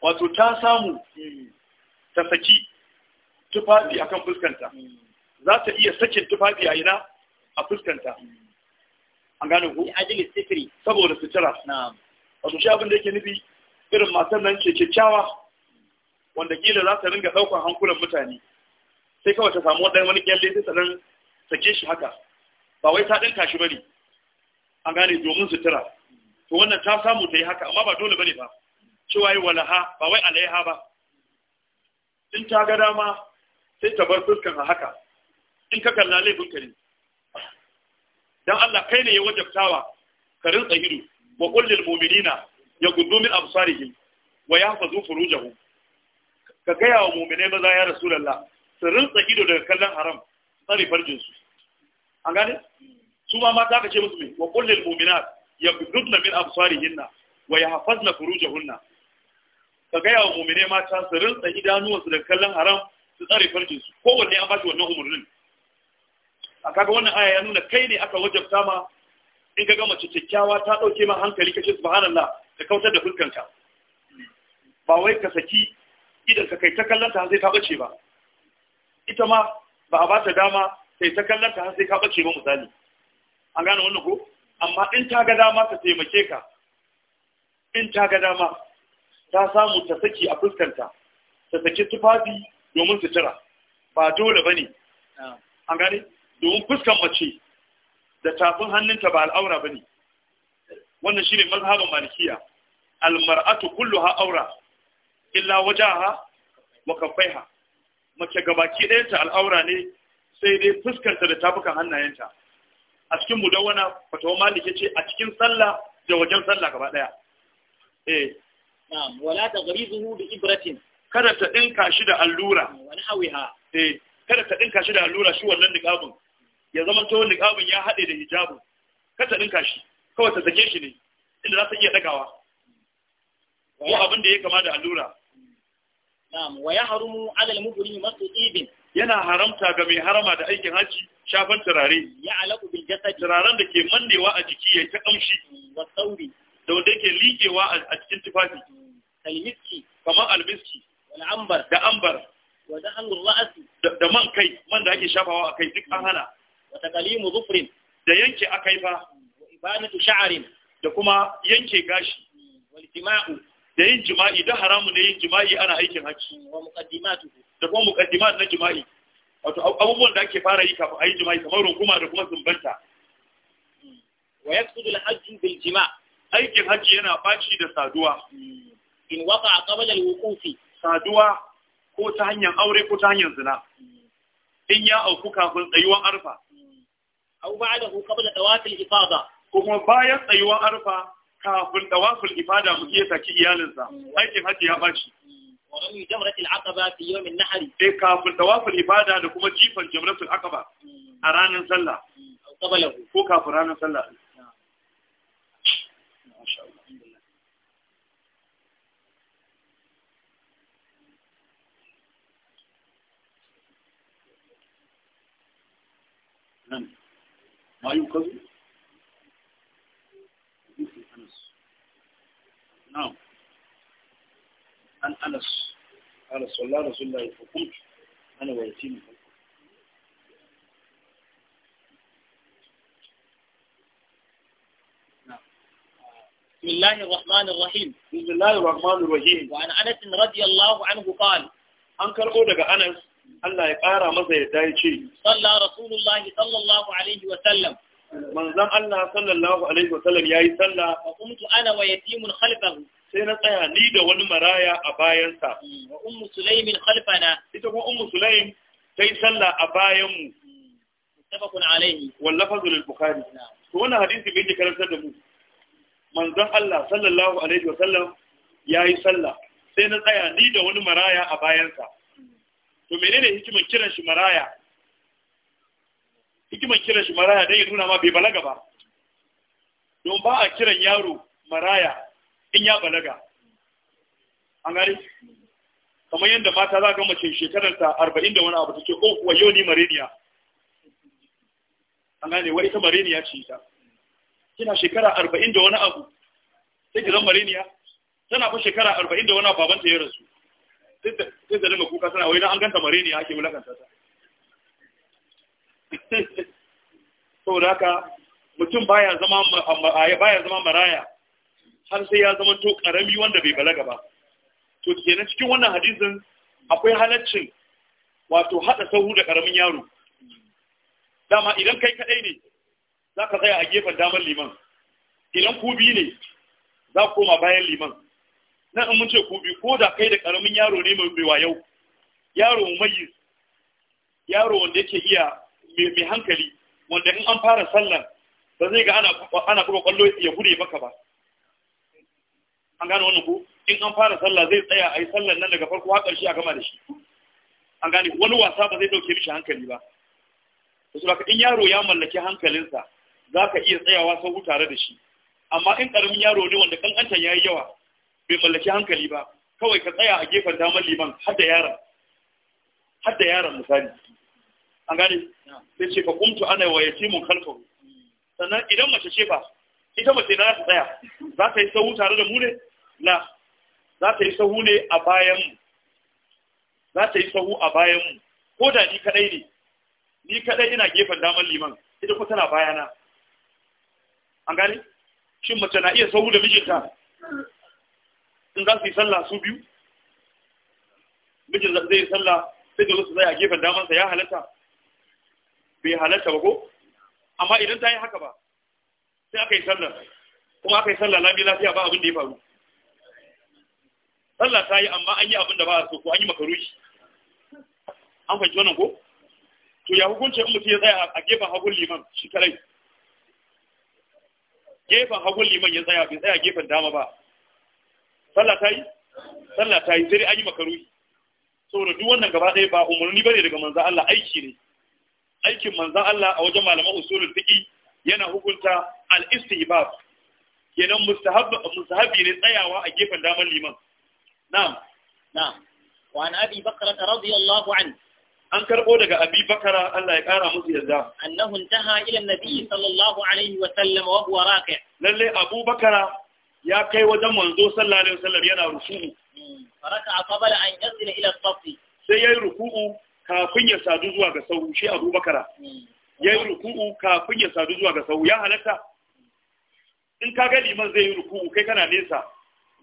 wato ta samu ta saki tufafi akan fuskanta za ta iya sakin tufafi a ina a fuskanta an gane ku ajili sifiri saboda sutura na wato shi abin da yake nufi irin matan nan ce kyakkyawa wanda kila za ta ringa ɗaukar hankulan mutane sai kawai ta samu wadda wani kyalle sai ta sake shi haka ba wai ta ɗinka shi bane an gane domin sutura to wannan ta samu ta yi haka amma ba dole bane ba cewa yi walaha ba wai alaiha ba in ta ga dama sai ta bar fuskan haka in ka kalla laifin ka ne dan Allah kai ne ya wajabtawa ka rinsa ido wa qul mu'minina ya yaghuddu min absarihim wa yahfazu furujahum ka gaya wa mu'minai maza ya rasulullah su rinsa ido daga kallon haram tsare farjin su an gane su ma mata ka ce musu me wa qul mu'minat ya yaghdudna min absarihinna wa yahfazna furujahunna ka gaya wa mu'mine mata su rinsa su daga kallon haram su tsare farjin su kowanne an ba shi wannan umurnin a kaga wannan aya ya nuna kai ne aka wajabta ma in ka ga mace kyakkyawa ta dauke ma hankali kace subhanallah ka kautar da fuskanka ba wai ka saki idan ka kai ta kallon ta sai ka bace ba ita ma ba a ba ta dama sai ta kallon ta sai ka bace ba misali an gane wannan ko amma in ta ga dama ta taimake ka in ta ga dama ta samu ta saki a fuskanta ta saki tufafi domin sutura ba dole bane ah. an gane domin fuskan mace da tafin hannunta ba al'aura ba ne wannan shi ne mazhabin malikiya almar'atu ha aura illa wajaha wa ha, mace gabaki ɗayanta al'aura ne sai dai fuskanta da tafukan hannayenta a cikin mudawana fatawa maliki ce a cikin sallah da wajen sallah gaba ɗaya eh na'am wala ibratin kada ta ɗinka shi da allura wani hawiha eh kada ta shi da allura shi wannan niqabin ya zama to niqabin ya haɗe da hijabu kata dinka shi kawai ta sake shi ne inda za ta iya ɗagawa ko abin da ya kama da allura na'am wa yahrumu 'ala al-mughrim mas'ibin yana haramta ga mai harama da aikin haji shafan turare ya alaku bil jasad turaren da ke mannewa a jiki ya ta kamshi wa sauri da wanda yake likewa a cikin tufafi kalmiski kamar almiski wal ambar da ambar wa da hannu ra'asi da man kai man da ake shafawa a kai duk an hana wa taqlimu zufrin da yanke aka akaifa wa ibanatu sha'rin da kuma yanke gashi hmm. wal jima'u da yin jima'i da haramun ne yin jima'i ana aikin haki. Hmm. wa muqaddimatu da kuma muqaddimat na jima'i wato abubuwan da ake fara yi kafin a yi jima'i kamar runguma da kuma zumbanta hmm. wa yaqsudu al-hajj bil jima' aikin haji yana baci da saduwa in waka qabla al-wuqufi saduwa ko ta hanyar aure ko ta hanyar zina in ya auku kafin tsayuwan arfa aw ba'dahu qabla tawaf al-ifada kuma bayan tsayuwan arfa kafin tawaf al mu iya saki iyalinsa aikin haji ya bashi wa rami jamrat al-aqaba fi yawm an-nahr eh kafin tawaf al da kuma jifan jamrat al a ranar sallah ko kafin ranar sallah ما ينقذ نعم عن أنس قال صلى الله رسول الله فقلت أنا ويتيم نعم. بسم الله الرحمن الرحيم بسم الله الرحمن الرحيم وعن أنس رضي الله عنه قال أنكر أودك أنس Allah ya ƙara masa yadda ya ce Sallah rasulullahi sallallahu alaihi wa sallam manzon Allah sallallahu alaihi wa sallam yi sallah fa kuntu ana wa yatimun khalfahu sai na tsaya ni da wani maraya a bayansa wa ummu sulaimin khalfana ita kuma ummu sulaim yi sallah a bayan mu muttafaqun alaihi wallafazu lil bukhari to wannan hadisi bai karanta da mu Manzan Allah sallallahu alaihi wa sallam yi sallah sai na tsaya ni da wani maraya a bayansa to menene hikiman kiran shi maraya hikiman kiran shi maraya dan ya nuna ma bai balaga ba don ba a kiran yaro maraya in ya balaga an gari kamar yadda mata za ga mace ta arba'in da wani abu take ko oh, kuwa yau ni mareniya an gane wai ita mareniya ce ta, kina shekara arba'in da wani abu sai ki zan mareniya tana fa shekara arba'in da wani babanta ya rasu sai da dinga kuka tana wai na an gan ne ake ta haka mutum baya zama maraya har sai ya zama to karami wanda bai balaga ba to kenan cikin wannan hadisin akwai halaccin wato hada sahu da karamin yaro dama idan kai kadai ne za ka tsaya a gefen damar liman idan ku biyu ne za ku koma bayan liman na in mun ce ku ko da kai da karamin yaro ne mai yau. yaro mai yaro wanda yake iya mai hankali wanda in an fara sallan ba zai ga ana buga kwallo ya gure maka ba an gane wannan ku in an fara sallah zai tsaya a yi sallan nan daga farko har ƙarshe a gama da shi an gane wani wasa ba zai ɗauke mishi hankali ba wasu ba in yaro ya mallaki hankalinsa za ka iya tsayawa sau tare da shi amma in ƙaramin yaro ne wanda ƙanƙantar ya yi yawa bai mallaki hankali ba kawai ka tsaya a gefen damar liman hadda yaron Hadda yaron misali an gane sai ce ka kumtu ana wa yatimun kalfahu sannan idan mace ce fa ita mace na ta tsaya za ta yi sahu tare da mu ne za ta yi sahu ne a bayan mu za ta yi sahu a bayan mu ko da ni kadai ne ni kadai ina gefen damar liman ita kuma tana bayana an gane shin mace na iya sahu da mijinta in za su yi sallah su biyu mijin zai yi sallah sai da su zai a gefen damansa ya halatta bai halatta ba ko amma idan ta yi haka ba sai aka yi sallah kuma aka yi sallah lami lafiya ba abin da ya faru sallah ta yi amma an yi abin da ba a so ko an yi makarushi an fahimci wannan ko to ya hukunce in mutum ya tsaya a gefen hagun liman shi kadai gefen hagun liman ya tsaya bai tsaya gefen dama ba sallah ta yi sallah ta yi sai an yi makaruhi saboda duk wannan gaba ɗaya ba umarni bane daga manzan Allah aiki ne aikin manzan Allah a wajen malaman usulul fiqi yana hukunta al-istihbab kenan mustahab mustahabi ne tsayawa a gefen daman liman na'am na'am wa an abi bakra radiyallahu anhu an karbo daga abi bakara Allah ya kara musu yarda annahu intaha ila nabi sallallahu alaihi wa sallam wa huwa raqi lalle abu bakara ya kai wajen manzo sallallahu alaihi wasallam yana ruku'u faraka qabala an yasila ila safi sai yayi ruku'u kafin ya sadu zuwa ga sahu shi Abubakar hmm. yayi ruku'u kafin ya sadu zuwa ga sahu ya halatta in ka ga liman zai yi ruku'u kai kana nesa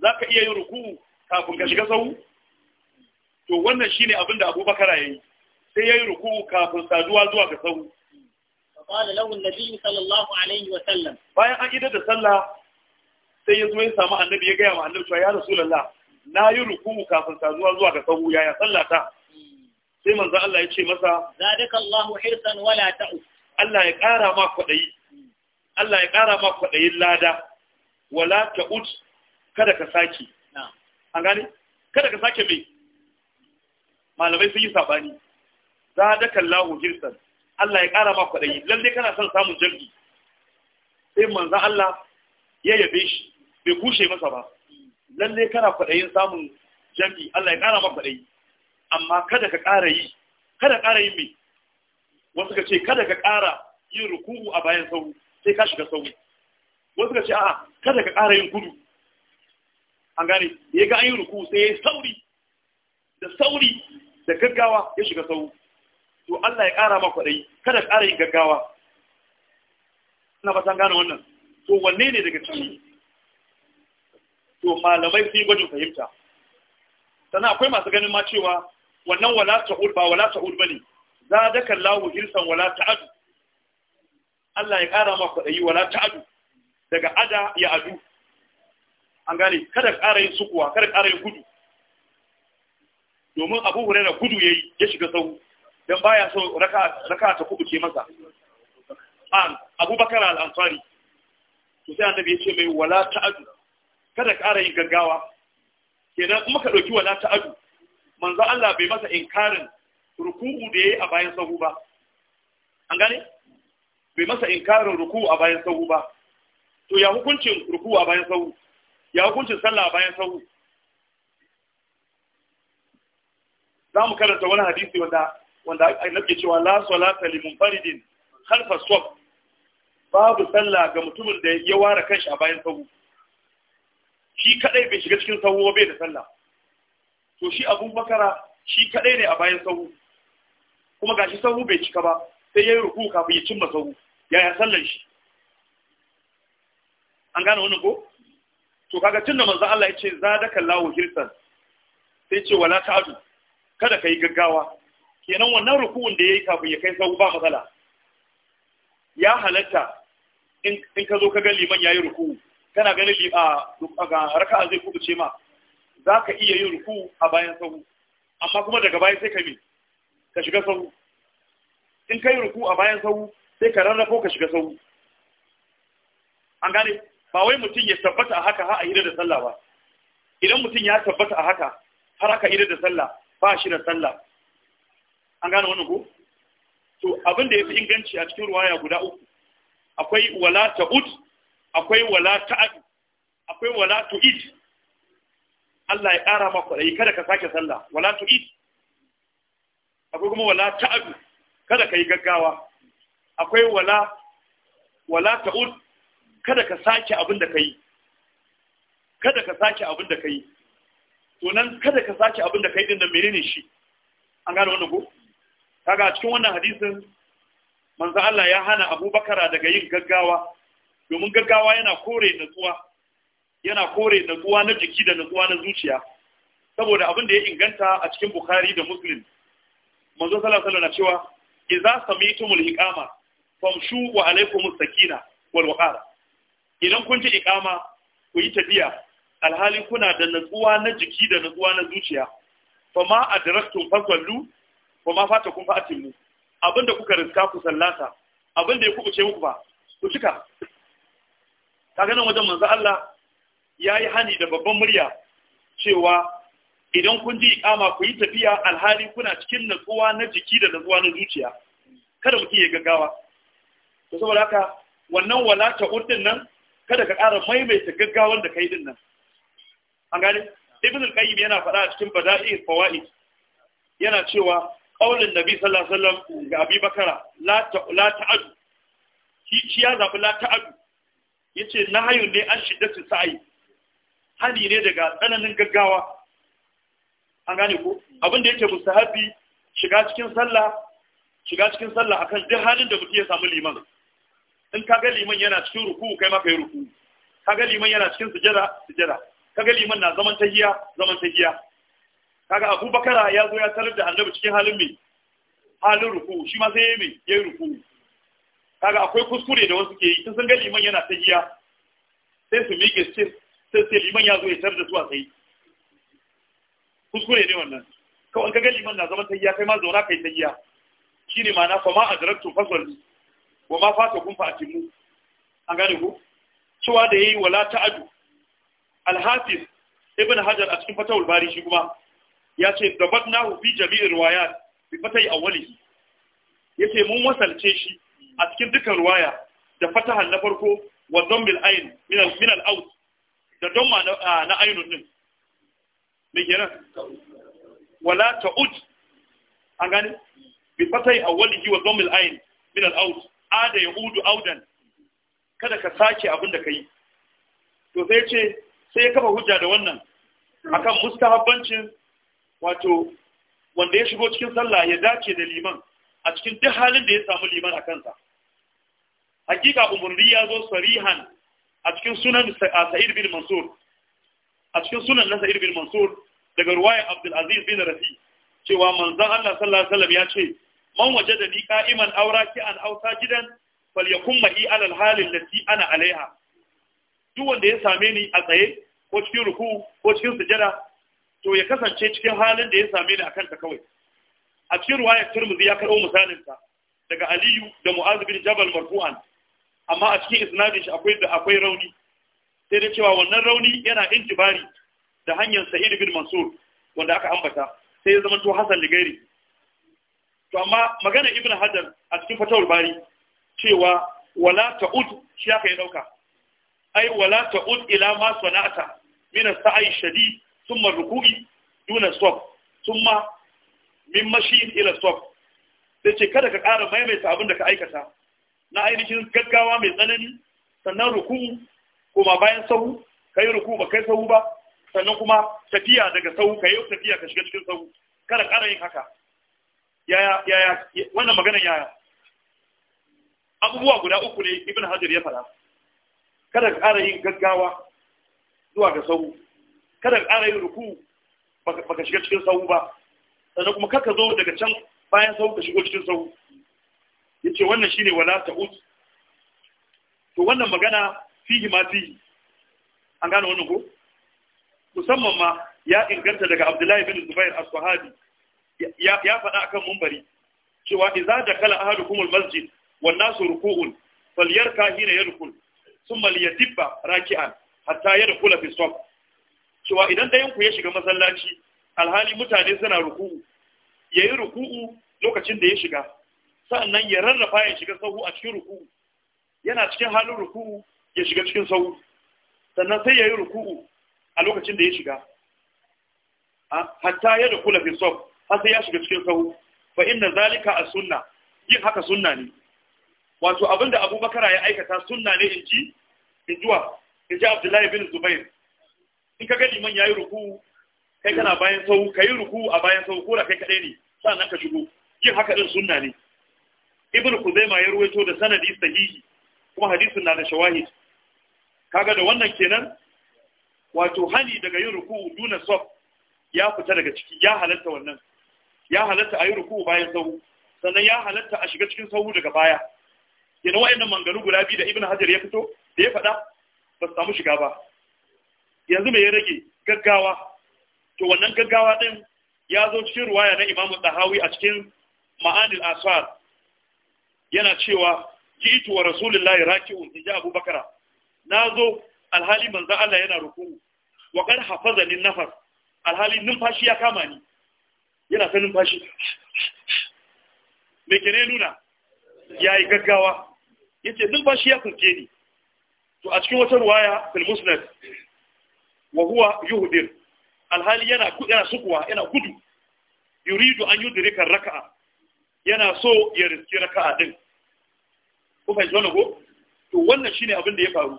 zaka iya yin ruku'u kafin ka shiga sahu to wannan shine abin da Abubakar yayi sai yayi ruku'u kafin saduwa zuwa ga sahu qala lahu an-nabi sallallahu alaihi wasallam bayan an idar da sallah sai ya zo ya samu annabi ya gaya wa annabi cewa ya rasulullah na yi ruku kafin saduwa zuwa ga sahu yaya sallata sai manzo Allah ya ce masa zadaka Allahu hirsan wala ta'u Allah ya ƙara ma kwaɗayi Allah ya ƙara ma kwaɗayin lada wala ta'ud kada ka saki an gane kada ka sake mai malamai sun yi sabani zadaka Allahu hirsan Allah ya ƙara ma kwaɗayi lalle kana son samun jirgi sai manzo Allah ya yabe shi bai kushe masa ba lalle kana kwaɗayin samun jam'i Allah ya ƙara maka kwaɗayi amma kada ka ƙara yi kada ƙara yi me wasu ka ce kada ka ƙara yin ruku'u a bayan sauri sai ka shiga sauri wasu ka ce a'a kada ka ƙara yin gudu an gane ya ga an yi ruku'u sai ya yi sauri da sauri da gaggawa ya shiga sauri to Allah ya ƙara maka kwaɗayi kada ka ƙara yin gaggawa ina fatan gane wannan to wanne ne daga ciki to malamai sun yi gwajin fahimta sannan akwai masu ganin ma cewa wannan wala ta'ud ba wala ta'ud bane za da kallahu hirsan wala ta'adu Allah ya ƙara maka kwaɗayi wala ta'adu daga ada ya adu an gane kada ƙara yin sukuwa kada ƙara yin gudu domin abu hure da gudu ya yi ya shiga sau don baya so raka ta kubuce masa an abubakar al'amfari to sai annabi ya ce mai wala ta'adu kada ƙara yin gaggawa kenan kuma ka ɗauki wala ta adu manzo Allah bai masa inkarin ruku'u da yayi a bayan sahu ba an gane bai masa inkarin ruku'u a bayan sahu ba to ya hukuncin ruku'u a bayan sahu ya hukuncin sallah a bayan sahu za mu karanta wani hadisi wanda wanda nake cewa la salata li munfaridin khalfa sawf babu sallah ga mutumin da ya ware kanshi a bayan sahu shi kadai bai shiga cikin sahu bai da sallah to shi abun bakara shi kadai ne a bayan sahu kuma gashi sahu bai cika ba sai yayi ruku kafin ya cimma sahu yaya sallan shi an gane wannan ko to kaga tunda manzo Allah ya ce zadaka Allahu hirsan sai ce wala ta'du kada kai gaggawa kenan wannan ruku'un da yayi kafin ya kai sahu ba matsala ya halatta in ka zo ka ga liman yayi ruku'u kana ganin a ga raka'a zai ce ma za ka iya yin ruku a bayan sahu amma kuma daga bayan sai ka mi ka shiga sahu in ka yi ruku a bayan sahu sai ka rarrafo ka shiga sahu an gane ba wai mutum ya tabbata a haka har a hira da sallah ba idan mutum ya tabbata a haka har aka hira da sallah ba shi da sallah an gane wannan ko to abin da ya fi inganci a cikin ruwaya guda uku akwai wala ta'ud akwai wala ta'adu, akwai wala tu'id Allah ya ƙara maka kwaɗayi kada ka sake sallah wala tu'id akwai kuma wala ta'adu, kada ka yi gaggawa akwai wala wala ta'ud kada ka sake abin da ka yi kada ka sake abin da ka yi to nan kada ka sake abin da ka yi din da menene shi an gane wannan ko kaga cikin wannan hadisin manzo Allah ya hana Abu Bakara daga yin gaggawa domin gaggawa yana kore natsuwa yana kore natsuwa na jiki da natsuwa na zuciya saboda abin da ya inganta a cikin bukhari da muslim manzo sallallahu alaihi na cewa idza sami'tumul iqama famshu wa alaikumus sakina wal waqara idan kun ji iqama ku yi tafiya alhali kuna da natsuwa na jiki da natsuwa na zuciya fa ma adraktum fasallu fa ma fatakum fa abinda kuka riska ku sallata abinda ya kubuce muku ba ku cika kaga nan wajen manzo Allah yayi hani da babban murya cewa idan kun ji ikama ku yi tafiya alhali kuna cikin natsuwa na jiki da natsuwa na zuciya kada mutum ya gaggawa to saboda haka wannan wala ta'ud din nan kada ka ƙara maimaita gaggawan da kai din nan an gane ibn al-qayyim yana faɗa a cikin bada'i fawaid yana cewa qaulin nabi sallallahu alaihi wasallam ga abi la la ta'ad shi ya zabi la ta'ad yace hayo ne an su sa'i hali ne daga tsananin gaggawa an gane ko abin da yake mustahabi shiga cikin sallah shiga cikin sallah akan duk halin da mutum ya samu liman in ka ga liman yana cikin ruku kai ma kai ruku ga liman yana cikin sujada sujada Ka ga liman na zaman tahiya zaman tahiya kaga abubakar ya zo ya tarar da Annabi cikin halin mai halin ruku shi ma sai me mai yayi ruku kaga akwai kuskure da wasu ke yi ta san ga liman yana ta giya sai su miƙe su ce sai sai liman ya zo ya tar da su a sai kuskure ne wannan kawai an ga liman na zama giya kai ma zauna kai giya shine ma'ana fa ma adraktu fasal wa ma fata kun fa atimu an gane ku cewa da yayi wala ta'adu al-hafiz ibn hajar a cikin fatawul bari shi kuma ya ce gabatnahu fi jami'ir riwayat bi fatai awwalihi yace mun wasalce shi a cikin dukkan ruwaya da fatahan na farko wa dhammil ayn min al min al aus da dhamma na aynun ah, din me kenan wala ta'ud an gani bi fatai ji wa dhammil ayn min al aus ada yaudu audan kada ka sake abin da kai to sai ce sai ya kafa hujja da wannan akan mustahabbancin wato wanda ya shigo cikin sallah ya dace da liman a cikin duk halin da ya samu liman a kansa hakika umarni ya zo sarihan a cikin sunan Sa'id bin Mansur a cikin sunan na Sa'id bin Mansur daga ruwayar Abdul Aziz bin Rafi cewa manzon Allah sallallahu alaihi wasallam ya ce man wajada ni qa'iman aw ausa gidan sajidan falyakum ma'i ala al-hal ana alaiha duk wanda ya same ni a tsaye ko cikin ruku ko cikin sujada to ya kasance cikin halin da ya same ni akan ta kawai a cikin ruwayar Turmuzi ya karɓo misalin daga Aliyu da Mu'adh bin Jabal marfu'an amma a cikin isnadin shi akwai da akwai rauni sai da cewa wannan rauni yana injibari da hanyar Sa'id bin Mansur wanda aka ambata sai ya zama to Hassan Ligairi to amma magana Ibn hadar a cikin Fatawul Bari cewa wala ta'ud shi aka yi dauka ai wala ta'ud ila ma sana'ata min sai shadid thumma ruku'i duna sawf thumma min mashi ila sawf sai ce kada ka ƙara maimaita abin da ka aikata na ainihin gaggawa mai tsanani sannan ruku kuma bayan sahu kai ruku ba kai sahu ba sannan kuma tafiya daga sahu kai yau tafiya ka shiga cikin sahu kada ƙara yin haka yaya yaya wannan maganar yaya abubuwa guda uku ne ibn hajar ya fara kada ka ƙara yin gaggawa zuwa ga sahu kada ka ƙara yin ruku baka shiga cikin sahu ba sannan kuma kaka zo daga can bayan sahu ka shigo cikin sahu yace wannan shine wala ut? to wannan magana fihi ma fihi an gane wannan ko musamman ma ya inganta daga Abdullahi bin Zubair as-Sahabi ya faɗa akan munbari cewa idza dakala ahadukum al-masjid an nasu ruku'un falyarka hina yadkhul thumma liyatibba raki'an hatta yadkhul fi saf cewa idan dayan ku ya shiga masallaci alhali mutane suna ruku'u yayi ruku'u lokacin da ya shiga sannan ya rarrafa ya shiga sahu a cikin ruku'u yana cikin halin ruku'u ya shiga cikin sahu sannan sai ya yi ruku'u a lokacin da ya shiga hatta ya da kula fi har sai ya shiga cikin sahu fa zalika a sunna yin haka sunna ne wato abinda abubakar ya aikata sunna ne in ji in zuwa, in ji abdullahi bin zubair in ka ga liman ya yi ruku kai kana bayan sau ka yi ruku a bayan sau ko da kai kaɗai ne sannan ka shigo yin haka ɗin sunna ne ibn kuzaima ya ruwaito da sanadi sahihi kuma hadisin na da shawahid kaga da wannan kenan wato hani daga yin ruku'u duna sof ya fita daga ciki ya halatta wannan ya halatta a ruku bayan sahu sannan ya halatta a shiga cikin sahu daga baya kenan wa'annan manganu guda biyu da ibn hajar ya fito da ya faɗa ba samu shiga ba yanzu me ya rage gaggawa to wannan gaggawa din ya zo cikin ruwaya na imamu dahawi a cikin ma'anil asar. yana cewa jitu wa rasulullahi raki'un ji Abu Bakara nazo alhali manzo Allah yana ruku'u wa qad hafazani nafas alhali numfashi ya kama ni yana ta numfashi me kene nuna yayi gaggawa yace numfashi ya kunke ni to a cikin wata ruwaya fil musnad wa huwa yuhdir alhali yana yana sukuwa yana gudu yuridu an yudrika raka'a yana so ya raka a din ku fahimci wannan ko to wannan shine abin da ya faru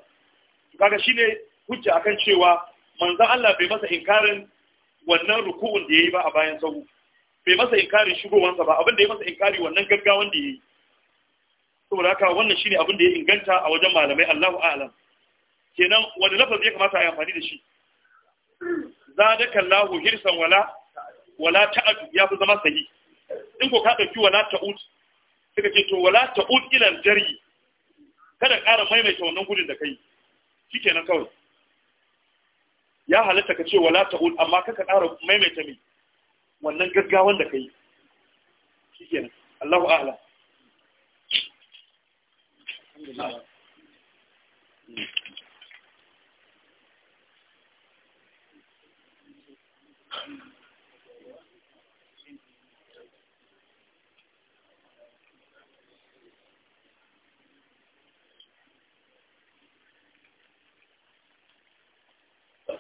kaga shine hujja akan cewa manzo Allah bai masa inkarin wannan ruku'un da yayi ba a bayan sahu bai masa inkarin shigowansa ba abin da ya masa inkari wannan gaggawan da yayi saboda haka wannan shine abin da ya inganta a wajen malamai Allahu a'lam kenan wani lafazi ya kamata a yi amfani da shi zadaka Allahu hirsan wala wala ta'ab ya fi zama sahi in ko ka ɗauki wala ta'ud suka ce to wala ta'ud ilal jari kada ƙara maimaita wannan gudun da kai shikenan kawai ya halatta ka ce wala ta'ud amma kaka ƙara maimaita mai wannan gaggawan da kai shikenan Allahu a'lam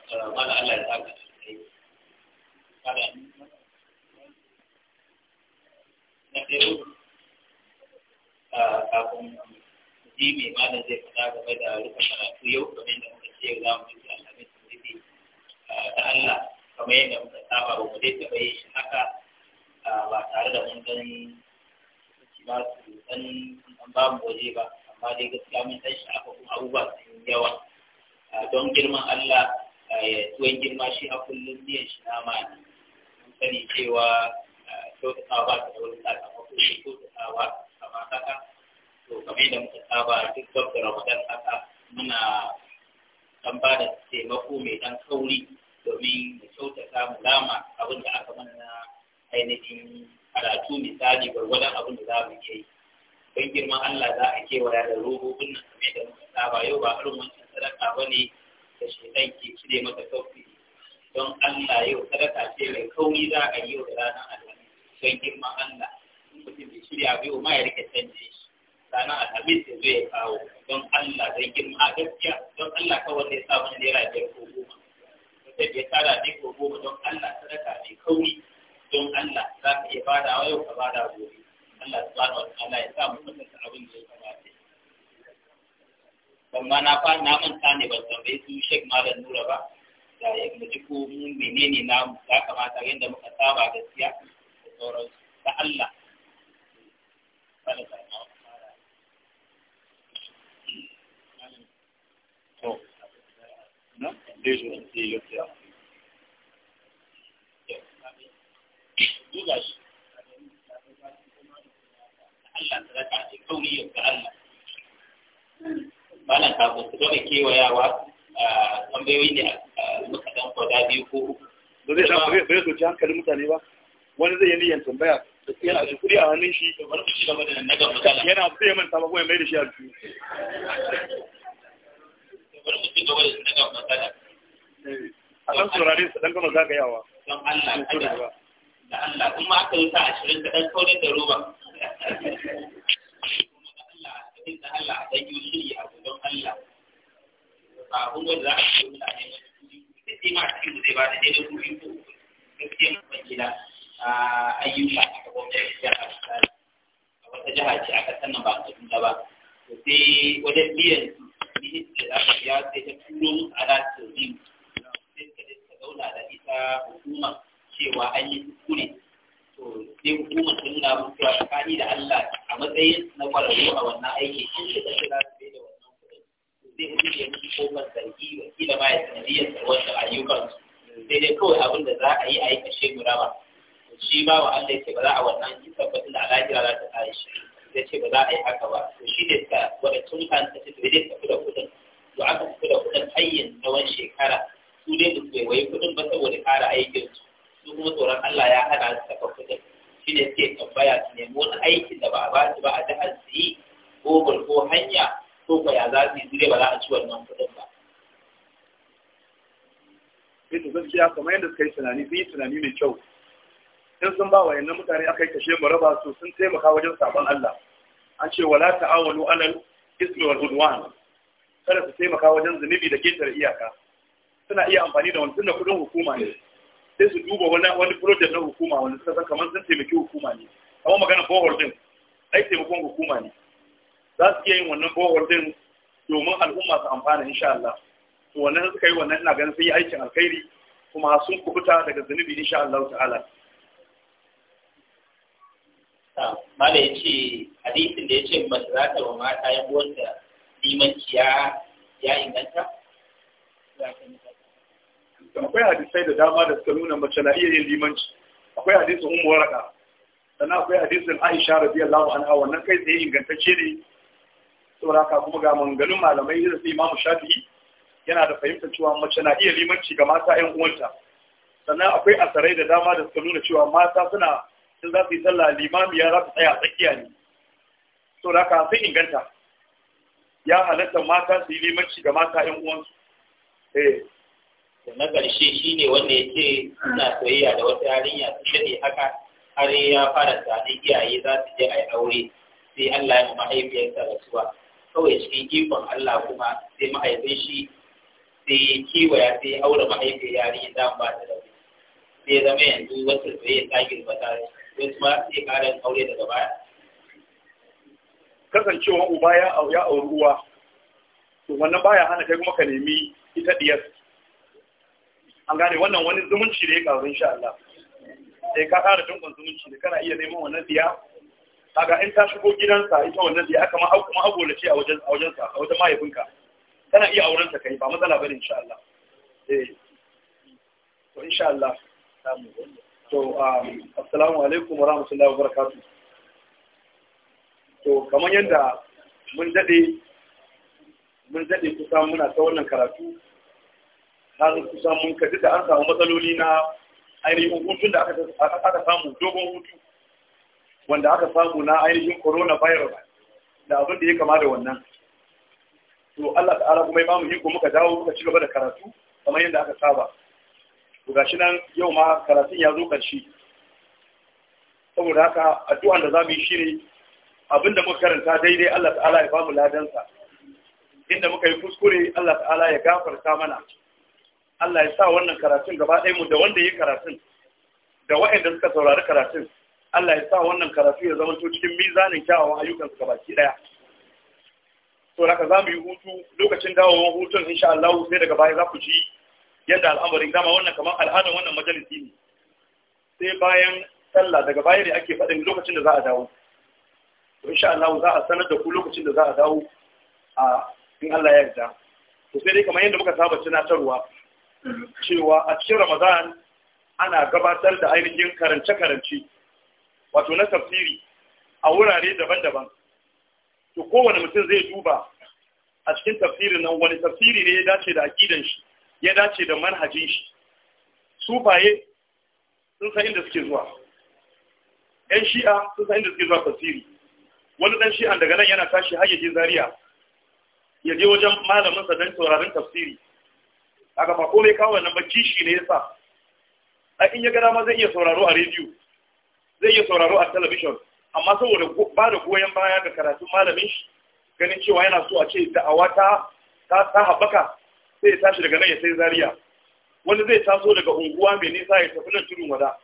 mana Allah ya saka kada na ɗaya zai fada game da rufe karatu yau kamar da muka ce za mu ji alamin tauhidi da Allah ba mu da taɓa yin ba tare da mun gani ba su waje ba amma dai gaskiya mun san shi haka kuma abubuwa yawa don girman Allah Eh, tuwon girma shi a kullum biyan shi nama ne mun sani cewa eh, kyautatawa ba ta da wani sakamako ne kyautatawa kamar haka to kamar da muka saba duk gwamnati ramadan haka muna kan ba da taimako mai dan kauri domin mu kyautata mu lama abin da aka mana ainihin karatu misali gwargwadon abin da za mu iya yi don girman Allah za a kewaya da robobin nan kamar da muka saba yau ba irin wancan sadaka ba ne da shaitan ke cire masa sauki don Allah yau sadaka ce mai kauri za a yi wa da ranar alhamis don girman Allah in mutum bai shirya bai ma ya rike canje shi ranar alhamis ya zo ya kawo don Allah zai girma a gaskiya don Allah kawai ne ya sa mana naira biyar ko goma mutum ya tara ne ko goma don Allah sadaka mai kauri don Allah za ka iya bada wa yau ka bada gobe Allah subhanahu wa ta'ala ya sa mu mutunta abin da ya kamata amma na fa na manta ne ban tambaye su shek malam nura ba da ya mutu ko ne menene na ya kamata yadda muka saba gaskiya da sauransu ta Allah Allah ta raka a kauri ga Allah. malam kafin su gama kewayawa tambayoyi ne muka dan kwada biyu ko uku. Ba zai samu bai bai soci hankalin mutane ba. Wani zai yi niyyar tambaya yana da kuɗi a hannun shi. Yana zai manta ba kuma mai da shi a biyu. Bari mu ci gaba da na gama matsala. A kan turare su dan gama zagayawa. Don Allah kada. Da Allah kuma aka yi sa ashirin da ɗan kaurin da roba. Allah da Allah a ɗan yi shirya. sallah ba abun wanda za a yi mutane da sai ma cikin zai ba da daidai kuri ko gaskiya mutum gida ayyuka a gwamnati da da a wata jiha ce aka sannan ba ta tunda ba to sai wajen biyan ministry da aka ya sai ta turo musu a lati rim sai suka da suka zauna da ita hukuma cewa an yi kuskure to sai hukuma ta nuna musu tsakani da Allah a matsayin na kwararru a wannan aiki in da ta za su da zai mutu da yanki ko ban zargi ba kila ba ya sanadiyar wanda ayyukan sai dai kawai abin da za a yi a yi kashe guda ba shi ba wa Allah ce ba za a wannan ki tabbatin da alajira za ta kare shi sai ce ba za a yi haka ba to shi ne ka wanda tun kan ta ce zai tafi da kuɗin to aka tafi da kuɗin hayyin tsawon shekara su dai da su bai wayi kuɗin ba saboda kare aikin su su kuma tsoron Allah ya hana su tafi kuɗin shi ne suke tambaya su nemi wani aikin da ba a ba su ba a jihar su yi ko hanya ko ko ya za su yi ba za a ci wannan kuɗin ba. Sai to gaskiya kamar yadda suka yi tunani sun yi tunani mai kyau. In sun ba wa yannan mutane aka yi kashe mu raba su sun taimaka wajen sabon Allah. An ce wala ta'awalu alal ismi wal udwan. Kada su taimaka wajen zunubi da ketare iyaka. Suna iya amfani da wani tunda kuɗin hukuma ne. Sai su duba wani project na hukuma wani suka san kamar sun taimaki hukuma ne. Kamar magana bohol din. Ai taimakon hukuma ne. za su iya yin wannan bohor din domin al'umma su amfana insha Allah to wannan suka yi wannan ina ganin sun yi aikin alkhairi kuma sun kubuta daga zunubi insha Allah ta'ala Mala ya ce hadisin da ya ce mace za ta wa mata yan uwanta limanci ya inganta? Akwai hadisai da dama da suka nuna mace na iya yin limanci. Akwai hadisin Ummu Waraka, sannan akwai hadisin Aisha radiyallahu anha wannan kai tsaye ingantacce ne saboda haka kuma ga manganun malamai irin su imamu shafi? yana da fahimtar cewa mace na iya limanci ga mata ƴan uwanta sannan akwai asarai da dama da suka nuna cewa mata suna sun za su yi sallah limamiya za su tsaya a tsakiya ne saboda haka sun inganta ya halatta mata su yi limanci ga mata ƴan uwansu eh. na ƙarshe shi ne wanda ya ce suna soyayya da wata yarinya su shaɗe haka har ya fara tsanin iyaye za su je a yi aure sai Allah ya mahaifiyarsa rasuwa kawai cikin ikon Allah kuma sai mahaifin shi sai kiwaya sai ya aure mahaifin yari za mu ba ta da sai zama yanzu wata da ya ta girbata wasu ma sai da aure daga baya. Kasancewa uba ya auri uwa to wannan baya hana kai kuma ka nemi ita diyar. An gane wannan wani zumunci da ya karu sha Allah. Sai ka ƙara dunkon zumunci da kana iya neman wannan diya kaga in ta shigo gidansa ita wannan da aka ma abola ce a wajen a wajen sa a wajen mahaifinka kana iya auren ta kai ba matsala bane insha Allah eh to insha Allah samu to um, assalamu alaikum wa rahmatullahi wa barakatuh to kamar yadda mun dade mun dade kusan muna ta wannan karatu har kusa mun kaji da an samu matsaloli na ainihin hutun da aka samu dogon hutu wanda aka samu na ainihin coronavirus da abin da ya kama da wannan to Allah ta'ala kuma ya bamu iko muka dawo muka ci gaba da karatu kamar yadda aka saba to gashi nan yau ma karatu ya zo karshe saboda haka addu'an da zamu yi shine abinda muka karanta daidai Allah ta'ala ya bamu ladan sa inda muka yi kuskure Allah ta'ala ya gafarta mana Allah ya sa wannan karatun gaba ɗaya mu da wanda ya karatun da wa'anda suka saurari karatun Allah ya sa wannan karatu ya zama to cikin mizanin kyawawan ayyukan ka baki daya to haka za mu yi hutu lokacin dawowar hutun insha Allah sai daga baya za ku ji yadda al'amarin dama wannan kamar al'adan wannan majalisi ne sai bayan sallah daga baya ne ake faɗin lokacin da za a dawo to insha Allah za a sanar da ku lokacin da za a dawo a in Allah ya yarda to sai dai kamar yadda muka saba tunatarwa cewa a cikin Ramadan ana gabatar da ainihin karance-karance wato na tafsiri a wurare daban-daban to kowane mutum zai duba a cikin tafsirin nan wani tafsiri ne ya dace da aqidan shi ya dace da manhajin shi sufaye sun san inda suke zuwa yan shi'a sun san inda suke zuwa tafsiri wani ɗan shi'a daga nan yana tashi har yaje Zariya. ya je wajen malamin sa dan sauraron tafsiri kaga ba komai kawo nan ba kishi ne yasa a in ya gada ma zai iya sauraro a rediyo zai iya sauraro a talabishin amma saboda ba da goyon baya ga karatun malamin shi ganin cewa yana so a ce da'awa ta ta haɓaka sai ya tashi daga nan ya sai zariya wani zai taso daga unguwa mai nisa ya tafi nan tudun wada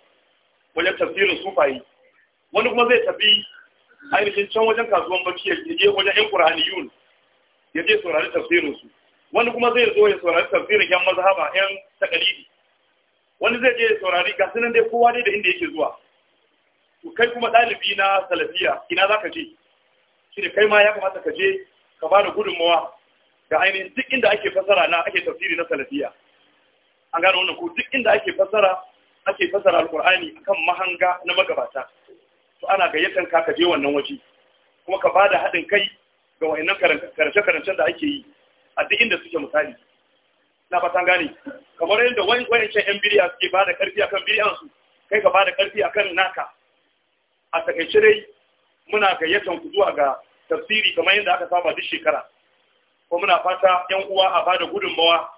wajen tafsirin sufayi wani kuma zai tafi ainihin can wajen kasuwan bacci ya je wajen yan qur'aniyun ya je saurari tafsirin su wani kuma zai zo ya saurari tafsirin yan mazhaba yan takalidi wani zai je ya saurari ga nan dai kowa dai da inda yake zuwa to kai kuma ɗalibi na salafiya ina za ka je shi da kai ma ya kamata ka je ka ba da gudunmawa ga ainihin duk inda ake fasara na ake tafsiri na salafiya an gano wannan ko duk inda ake fasara ake fasara alkur'ani kan mahanga na magabata to ana gayyatan ka ka je wannan waje kuma ka bada haɗin kai ga wa'annan karance-karancen da ake yi a duk inda suke misali na san gane kamar yadda wayancan yan biriya suke bada karfi akan biriyansu kai ka bada karfi akan naka a takaice dai muna gayyatan ku zuwa ga tafsiri kamar yadda aka saba duk shekara ko muna fata yan uwa a bada gudunmawa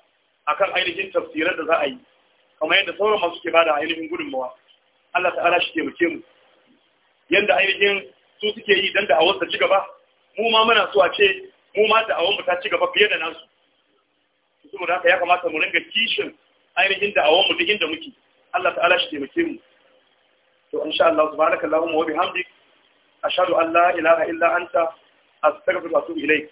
akan ainihin tafsirar da za a yi kamar yadda sauran masu ke bada ainihin gudunmawa Allah ta'ala shi taimake mu yadda ainihin su suke yi dan da awar ta ci gaba mu ma muna so a ce mu ma da ta ci gaba fiye da nasu saboda haka ya kamata mu ringa kishin ainihin da awar mu duk inda muke Allah ta'ala shi taimake mu to insha Allah subhanakallahumma wa bihamdik ashhadu an la ilaha illa anta astaghfiruka wa atubu ilayk